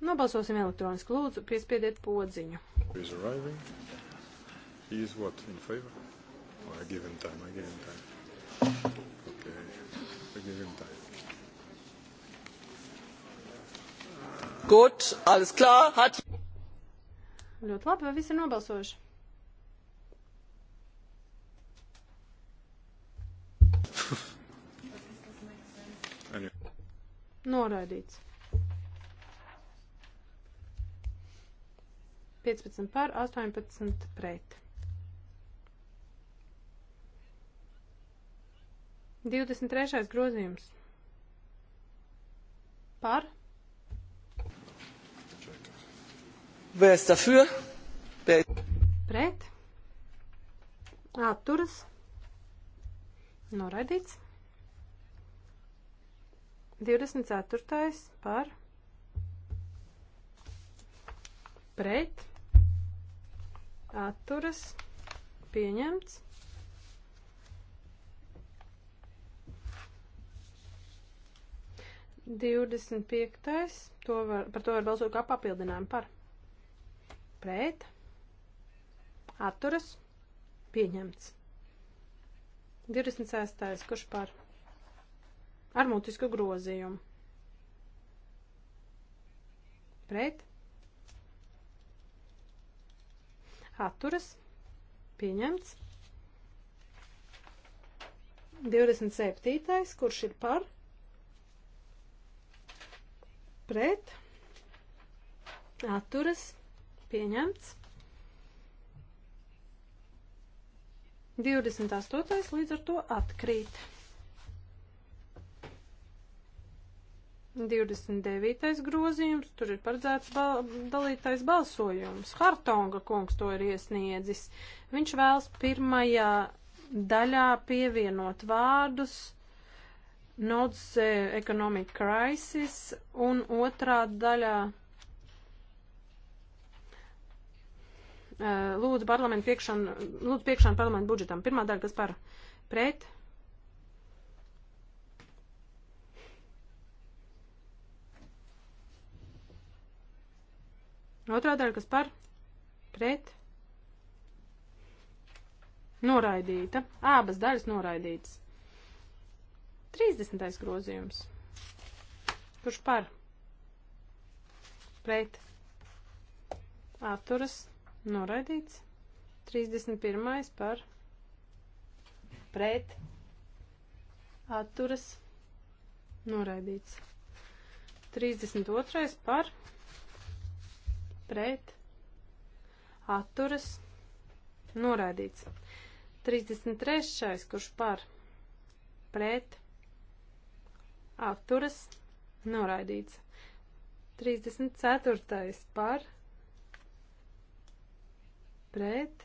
Nobalsosim elektroniski. Lūdzu, piespiediet podziņu. He is arriving. He is what, in favor? Oh, I give him time, I give him time. Okay, I give him time. Gut, alles klar, hat... Ļoti labi, vai visi ir nobalsojuši? Noraidīts. 15 par, 18 pret. 23. grozījums. Par. Wer ist dafür? Wer ist pret? Atturas. Noraidīts. 24. par pret atturas pieņemts. Divdesmit piektais, to var, par to var balsot kā papildinājumu par pret, atturas, pieņemts. 26. kurš par ar mutisku grozījumu. Pret, atturas, pieņemts. 27. kurš ir par pret, atturas, pieņemts pieņemts. 28. līdz ar to atkrīt. 29. grozījums, tur ir paredzēts bal dalītais balsojums. Hartonga kungs to ir iesniedzis. Viņš vēlas pirmajā daļā pievienot vārdus Nodes eh, Economic Crisis un otrā daļā Eh, lūdzu parlamentu piekšanu, lūdzu piekšanu parlamentu budžetam. Pirmā daļa, kas par pret. Otrā daļa, kas par pret. Noraidīta. Abas daļas noraidītas. 30. grozījums. Kurš par? Pret. Atturas noraidīts. 31. par pret atturas noraidīts. 32. par pret atturas noraidīts. 33. kurš par pret atturas noraidīts. 34. par pret,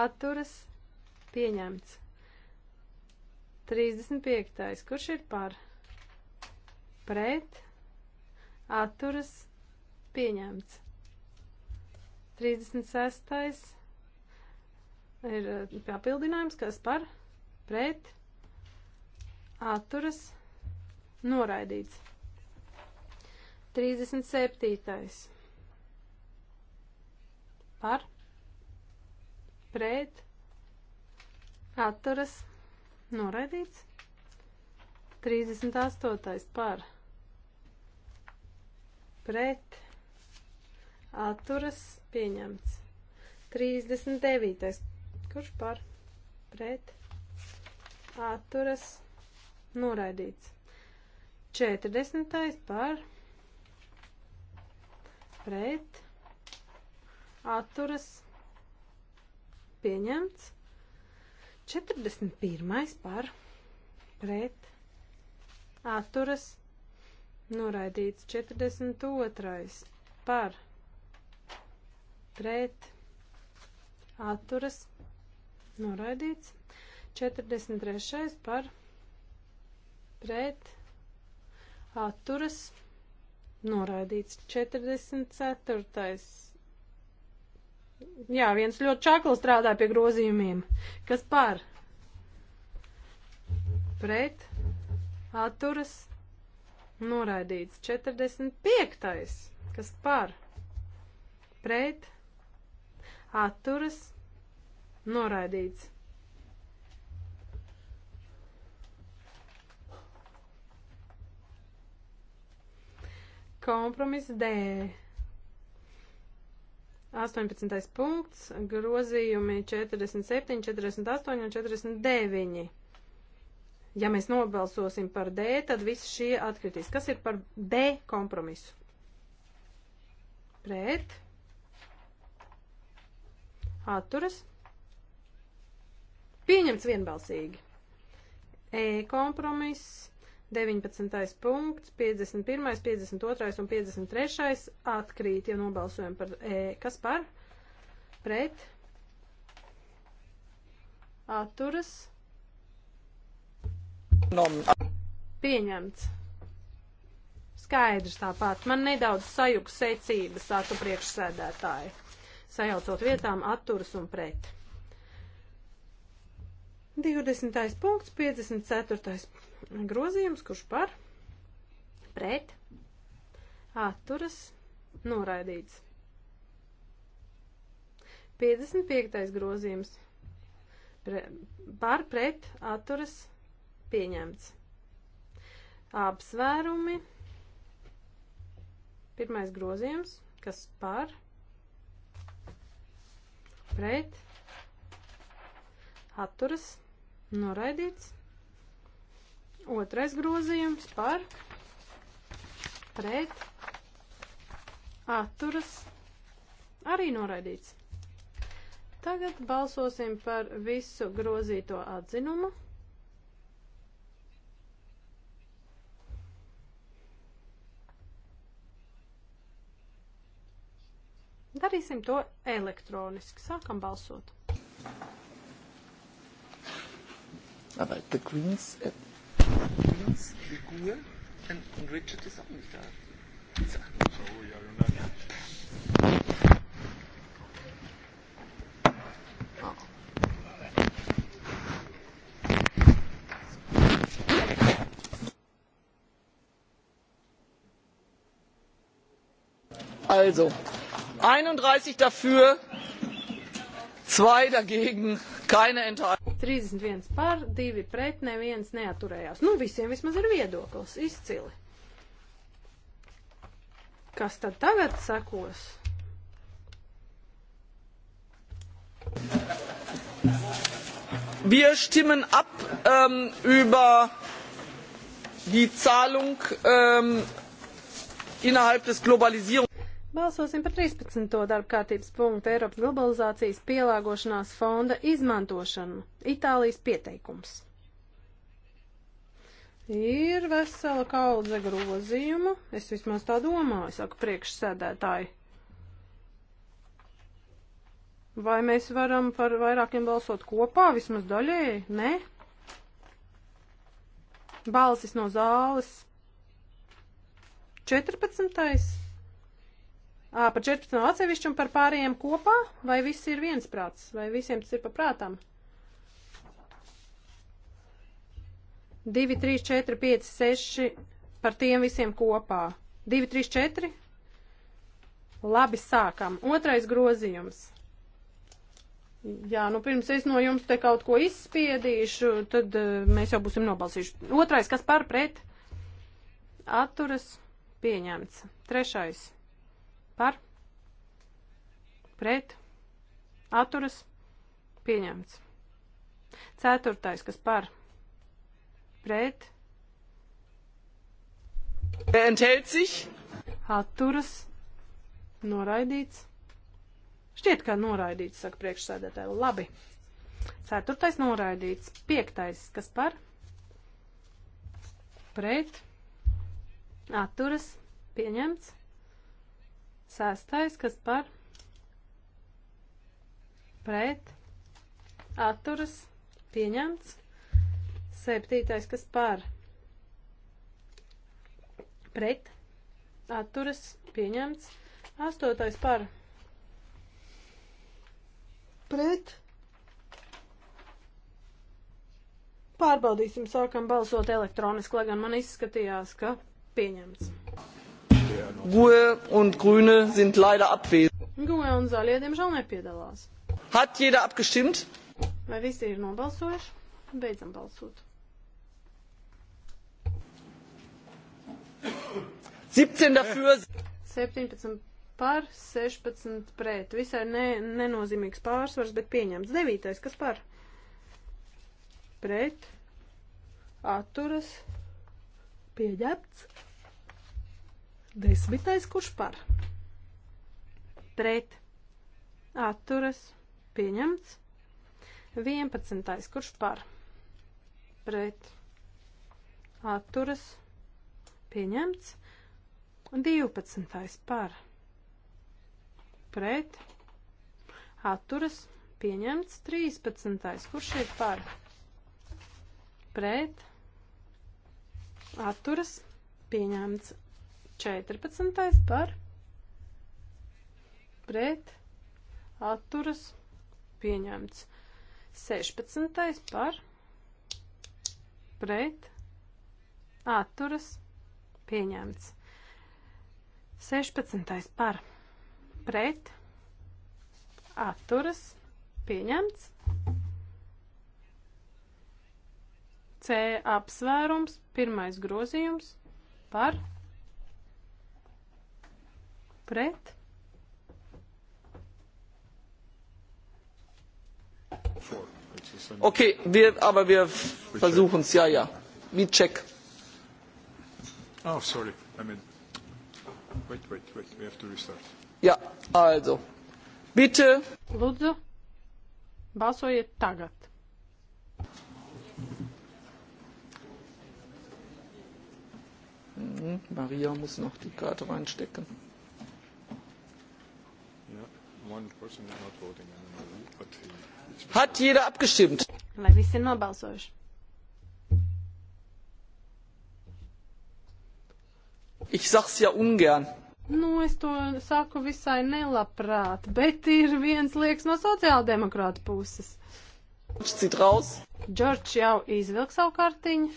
atturas, pieņemts. 35. Kurš ir par? Pret, atturas, pieņemts. 36. ir uh, papildinājums, kas par? Pret, atturas, noraidīts. 37. par? pret, atturas, noraidīts. 38. par, pret, atturas, pieņemts. 39. kurš par, pret, atturas, noraidīts. 40. par, pret, atturas, noraidīts pieņemts. 41. par pret atturas noraidīts. 42. par pret atturas noraidīts. 43. par pret atturas noraidīts. 44. Jā, viens ļoti čakli strādā pie grozījumiem. Kas par? Pret. Atturas. Noraidīts. 45. Kas par? Pret. Atturas. Noraidīts. Kompromiss D 18. punkts, grozījumi 47, 48 un 49. Ja mēs nobalsosim par D, tad visi šie atkritīs. Kas ir par D kompromisu? Pret. Atturas. Pieņemts vienbalsīgi. E kompromiss. 19. punkts, 51., 52. un 53. atkrīt, ja nobalsojam par E. Kas par? Pret. Atturas. Pieņemts. Skaidrs tāpat. Man nedaudz sajūgs secības, sāku priekšsēdētāji, sajaucot vietām atturas un pret. 20. punkts, 54. grozījums, kurš par, pret, atturas, noraidīts. 55. grozījums, pre, par, pret, atturas, pieņemts. Apsvērumi. Pirmais grozījums, kas par, pret, atturas, pieņemts atturas noraidīts. Otrais grozījums par pret atturas arī noraidīts. Tagad balsosim par visu grozīto atzinumu. Darīsim to elektroniski. Sākam balsot. Thank you. Aber the Greens, äh, the Greens, die GUE und Richard ist auch nicht da. So, we er? are ah. not. also einunddreißig dafür zwei dagegen keine enthaltungen. 31 par, 2 pret, neviens neaturējās. Nu, visiem vismaz ir viedoklis. Izcili. Kas tad tagad sekos? Wir stimmen ab ähm, über die Zahlung ähm, innerhalb des Globalisierungs. Balsosim par 13. darba kārtības punktu Eiropas globalizācijas pielāgošanās fonda izmantošanu. Itālijas pieteikums. Ir vesela kaudze grozījumu, es vismaz tā domāju, saka priekšsēdētāji. Vai mēs varam par vairākiem balsot kopā, vismaz daļēji? Nē? Balsis no zāles. 14. À, par 14 nav atsevišķi un par pārējiem kopā, vai viss ir viensprāts, vai visiem tas ir paprātām? 2, 3, 4, 5, 6 par tiem visiem kopā. 2, 3, 4. Labi, sākam. Otrais grozījums. Jā, nu pirms es no jums te kaut ko izspiedīšu, tad uh, mēs jau būsim nobalsījuši. Otrais, kas par pret? Atturas pieņemts. Trešais par pret atturas pieņemts. Ceturtais, kas par pret enthält sich atturas noraidīts. Šķiet, ka noraidīts, saka priekšsēdētāji. Labi. Ceturtais noraidīts. Piektais, kas par? Pret. Atturas. Pieņemts. Sestais, kas par pret atturas pieņemts. Septītais, kas par pret atturas pieņemts. Astotais par pret. Pārbaudīsim, sākam balsot elektroniski, lai gan man izskatījās, ka pieņemts. GUE und Grüne sind leider abwesend. GUE un zaļie, diemžēl, nepiedalās. Hat jeder abgestimmt? Vai visi ir nobalsojuši? Beidzam balsot. 17 dafür. 17 par, 16 pret. Visai ne, nenozīmīgs pārsvars, bet pieņemts. 9. kas par? Pret. Atturas. Pieņemts. Desmitais, kurš par? Pret. Atturas. Pieņemts. Vienpadsmitais, kurš par? Pret. Atturas. Pieņemts. Divpadsmitais par. Pret. Atturas. Pieņemts. Trīspadsmitais, kurš ir par? Pret. Atturas. Pieņemts. 14. par pret atturas pieņemts. 16. par pret atturas pieņemts. 16. par pret atturas pieņemts. C apsvērums, pirmais grozījums par pret pret. Okay, wir, aber wir versuchen es, ja, ja. Wie check. Oh, sorry. I mean, wait, wait, wait. We have to restart. Ja, also. Bitte. Lūdzu, balsojiet tagad. Mhm, Maria muss noch die Karte reinstecken. Hat jeder apgestimt? Vai visi ir nobalsojuši? Ich sag's ja ungern. Nu, es to saku visai nelabprāt, bet ir viens liekas no sociāldemokrāta puses. Džordžs jau izvilk savu kartiņu.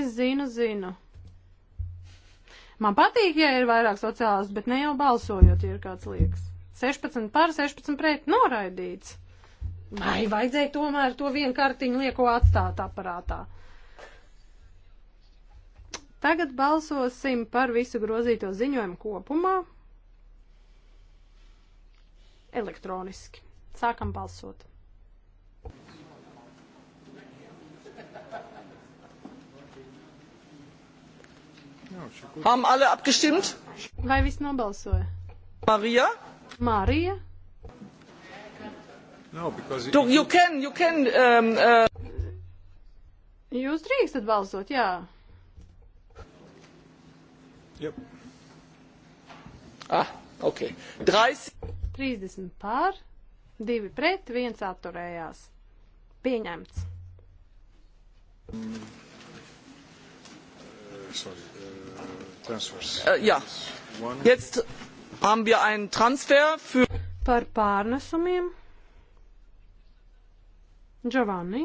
Es zinu, zinu. Man patīk, ja ir vairāk sociālās, bet ne jau balsojot, ja ir kāds liekas. 16 pār 16 pret noraidīts. Vai vajadzēja tomēr to vienu kartiņu lieko atstāt aparātā? Tagad balsosim par visu grozīto ziņojumu kopumā elektroniski. Sākam balsot! Haben alle abgestimmt? Vai viss nobalsoja? Marija? Marija? No, because... Do, you can, you can, um, uh... Jūs drīkstat balsot, jā. Yep. Ah, ok. 30. 30 pār, 2 pret, 1 atturējās. Pieņemts. Mm. Uh, sorry. Uh... Transfers. Uh, äh, jā. Jetzt haben wir einen Transfer für. Par pārnesumiem. Giovanni.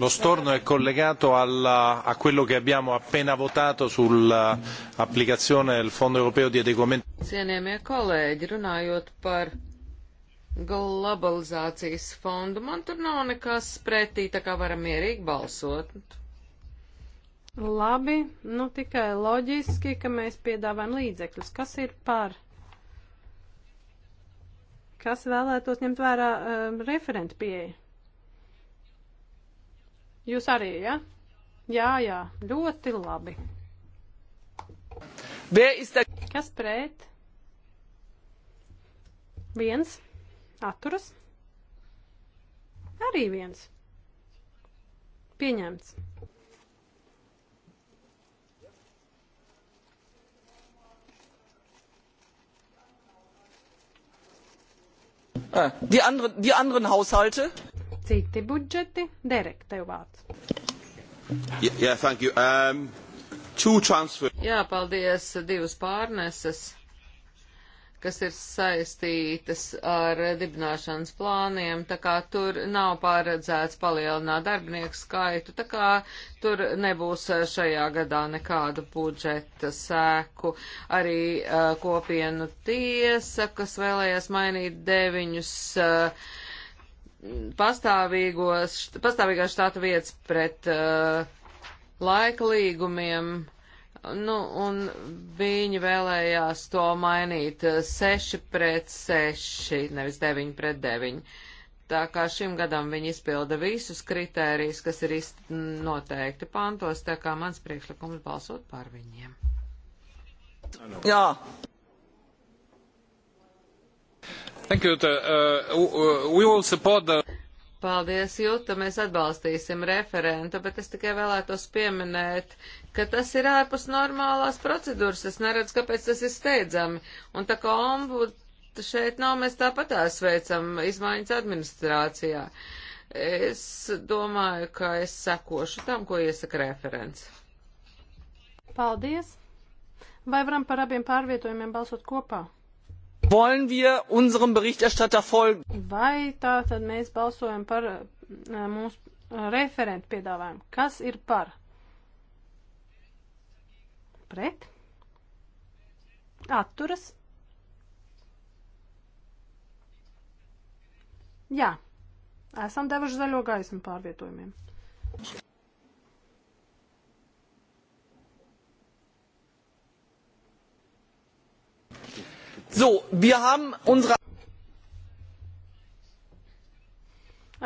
Lo storno è collegato alla, a quello che abbiamo appena votato sull'applicazione del Fondo europeo di adeguamento. Cienījamie kolēģi, runājot par globalizācijas fondu, man tur nav nekas pretī, tā kā varam mierīgi balsot. Labi, nu tikai loģiski, ka mēs piedāvājam līdzekļus. Kas ir par? Kas vēlētos ņemt vērā um, referentu pieeja? Jūs arī, ja? Jā, jā, ļoti labi. Kas pret? Viens. Atturas. Arī viens. Pieņemts. Ah, die anderen, die anderen haushalte? Citi budžeti. Derek, tev vārds. Yeah, yeah, um, Jā, paldies. Divas pārneses kas ir saistītas ar dibināšanas plāniem, tā kā tur nav paredzēts palielināt darbinieku skaitu, tā kā tur nebūs šajā gadā nekādu budžeta sēku. Arī uh, kopienu tiesa, kas vēlējās mainīt deviņus. Uh, Pastāvīgās štāta vietas pret uh, eh, laika līgumiem Nu, un viņi vēlējās to mainīt 6 eh, pret 6, nevis 9 pret 9. Tā kā šim gadam viņi izpilda visus kritērijus, kas ir noteikti pantos, tā kā mans priekšlikums balsot par viņiem. Jā. Thank you. Uh, we will support the... Paldies, Jūta, mēs atbalstīsim referentu, bet es tikai vēlētos pieminēt, uh, ka tas ir ārpus normālās procedūras. Es neredzu, kāpēc tas ir steidzami. Un tā kā ombuds šeit nav, mēs tāpat sveicam izmaiņas administrācijā. Es domāju, ka es sekošu tam, ko iesaka referents. Paldies! Vai varam par abiem pārvietojumiem balsot kopā? Wollen wir unserem Berichterstatter folgen? Vai tā tad mēs balsojam par eh, mūsu referentu piedāvājumu? Kas ir par? pret, atturas. Jā, esam devuši zaļo gaismu pārvietojumiem. So, wir haben unsere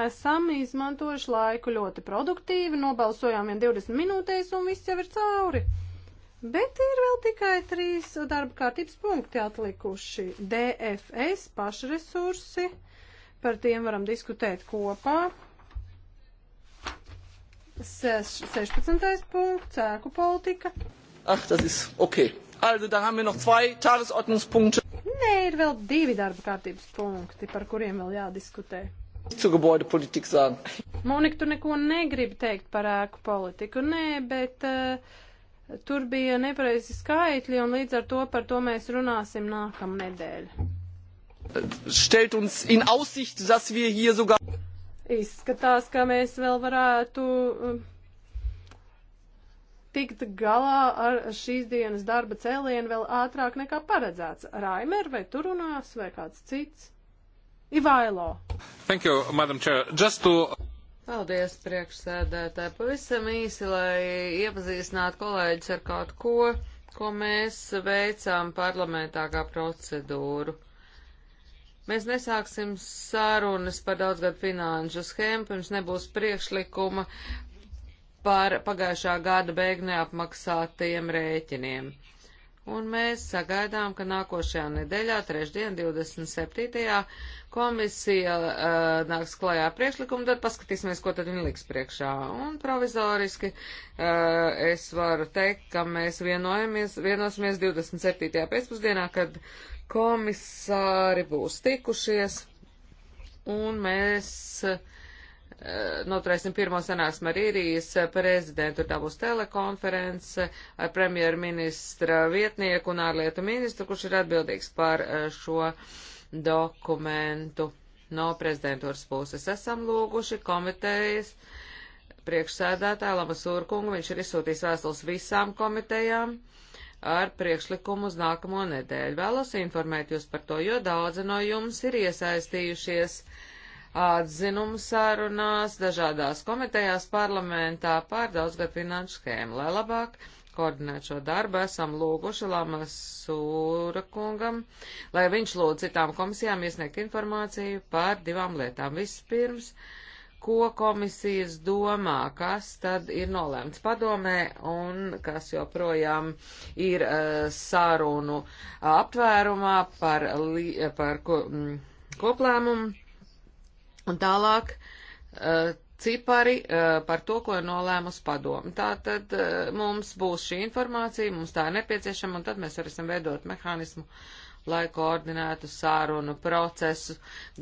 Esam izmantojuši laiku ļoti produktīvi, nobalsojām vien 20 minūtēs un viss jau ir cauri. Bet ir vēl tikai trīs darba kārtības punkti atlikuši. DFS, pašresursi, par tiem varam diskutēt kopā. 16. punkts, ēku politika. Ach, tas ir ok. Also, da haben wir noch zwei Tagesordnungspunkte. Nē, ir vēl divi darba kārtības punkti, par kuriem vēl jādiskutē. Zu Gebäudepolitik sagen. Monika, tu neko negribi teikt par ēku politiku, nē, bet uh, Tur bija nepareizi skaitļi, un līdz ar to par to mēs runāsim nākamnedēļ. Stelt uns in aussicht, dass wir hier sogar. Izskatās, ka mēs vēl varētu um, tikt galā ar šīs dienas darba cēlienu vēl ātrāk nekā paredzēts. Raimer, vai tu runās, vai kāds cits? Ivailo. Thank you, Madam Chair. Just to Paldies, priekšsēdētāji. Pavisam īsi, lai iepazīstinātu kolēģis ar kaut ko, ko mēs veicām parlamentā kā procedūru. Mēs nesāksim sarunas par daudzgadu finanšu schēmu, pirms nebūs priekšlikuma par pagājušā gada beigu neapmaksātajiem rēķiniem un mēs sagaidām, ka nākošajā nedēļā, trešdien, 27. komisija uh, nāks klajā priekšlikumu, tad paskatīsimies, ko tad viņi liks priekšā. Un provizoriski uh, es varu teikt, ka mēs vienojamies, vienosimies 27. pēcpusdienā, kad komisāri būs tikušies, un mēs. Uh, Eh, noturēsim pirmo sanāksmu ar īrijas prezidentu, tā būs telekonference ar premjerministra vietnieku un ārlietu ministru, kurš ir atbildīgs par eh, šo dokumentu. No prezidentūras puses esam lūguši komitejas priekšsēdētāju Lamas Urkungu, viņš ir izsūtījis vēstules visām komitejām ar priekšlikumu uz nākamo nedēļu. Vēlos informēt jūs par to, jo daudzi no jums ir iesaistījušies uh, atzinumu sarunās dažādās komitejās parlamentā par daudzgad finanšu schēmu. Lai labāk koordinēt šo darbu, esam lūguši Lamas Sūra kungam, lai viņš lūdz citām komisijām iesniegt informāciju par divām lietām. Vispirms, ko komisijas domā, kas tad ir nolēmts padomē un kas joprojām ir uh, sarunu aptvērumā par, li, par ko, mm, koplēmumu Un tālāk eh, cipari eh, par to, ko ir nolēmus padomu. Tātad eh, mums būs šī informācija, mums tā ir nepieciešama, un tad mēs varēsim veidot mehānismu, lai koordinētu sārunu procesu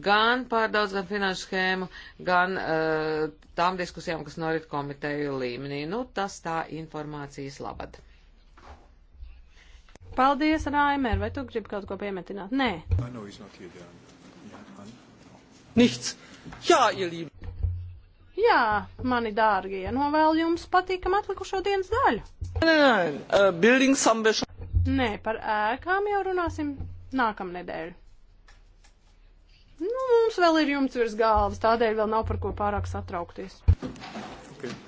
gan par daudz, gan finanšu schēmu, gan uh, tām diskusijām, kas norit komiteju līmenī. Nu, tas tā informācijas labad. Paldies, Raimer. Vai tu gribi kaut ko piemetināt? Nē. Nīts. Jā, ielīm. Jā, mani dārgie, novēlu jums patīkam atlikušo dienas daļu. Nē, nē, uh, building sambešu. Nē, par ēkām jau runāsim nākamnedēļ. Nu, mums vēl ir jumts virs galvas, tādēļ vēl nav par ko pārāk satraukties. Okay.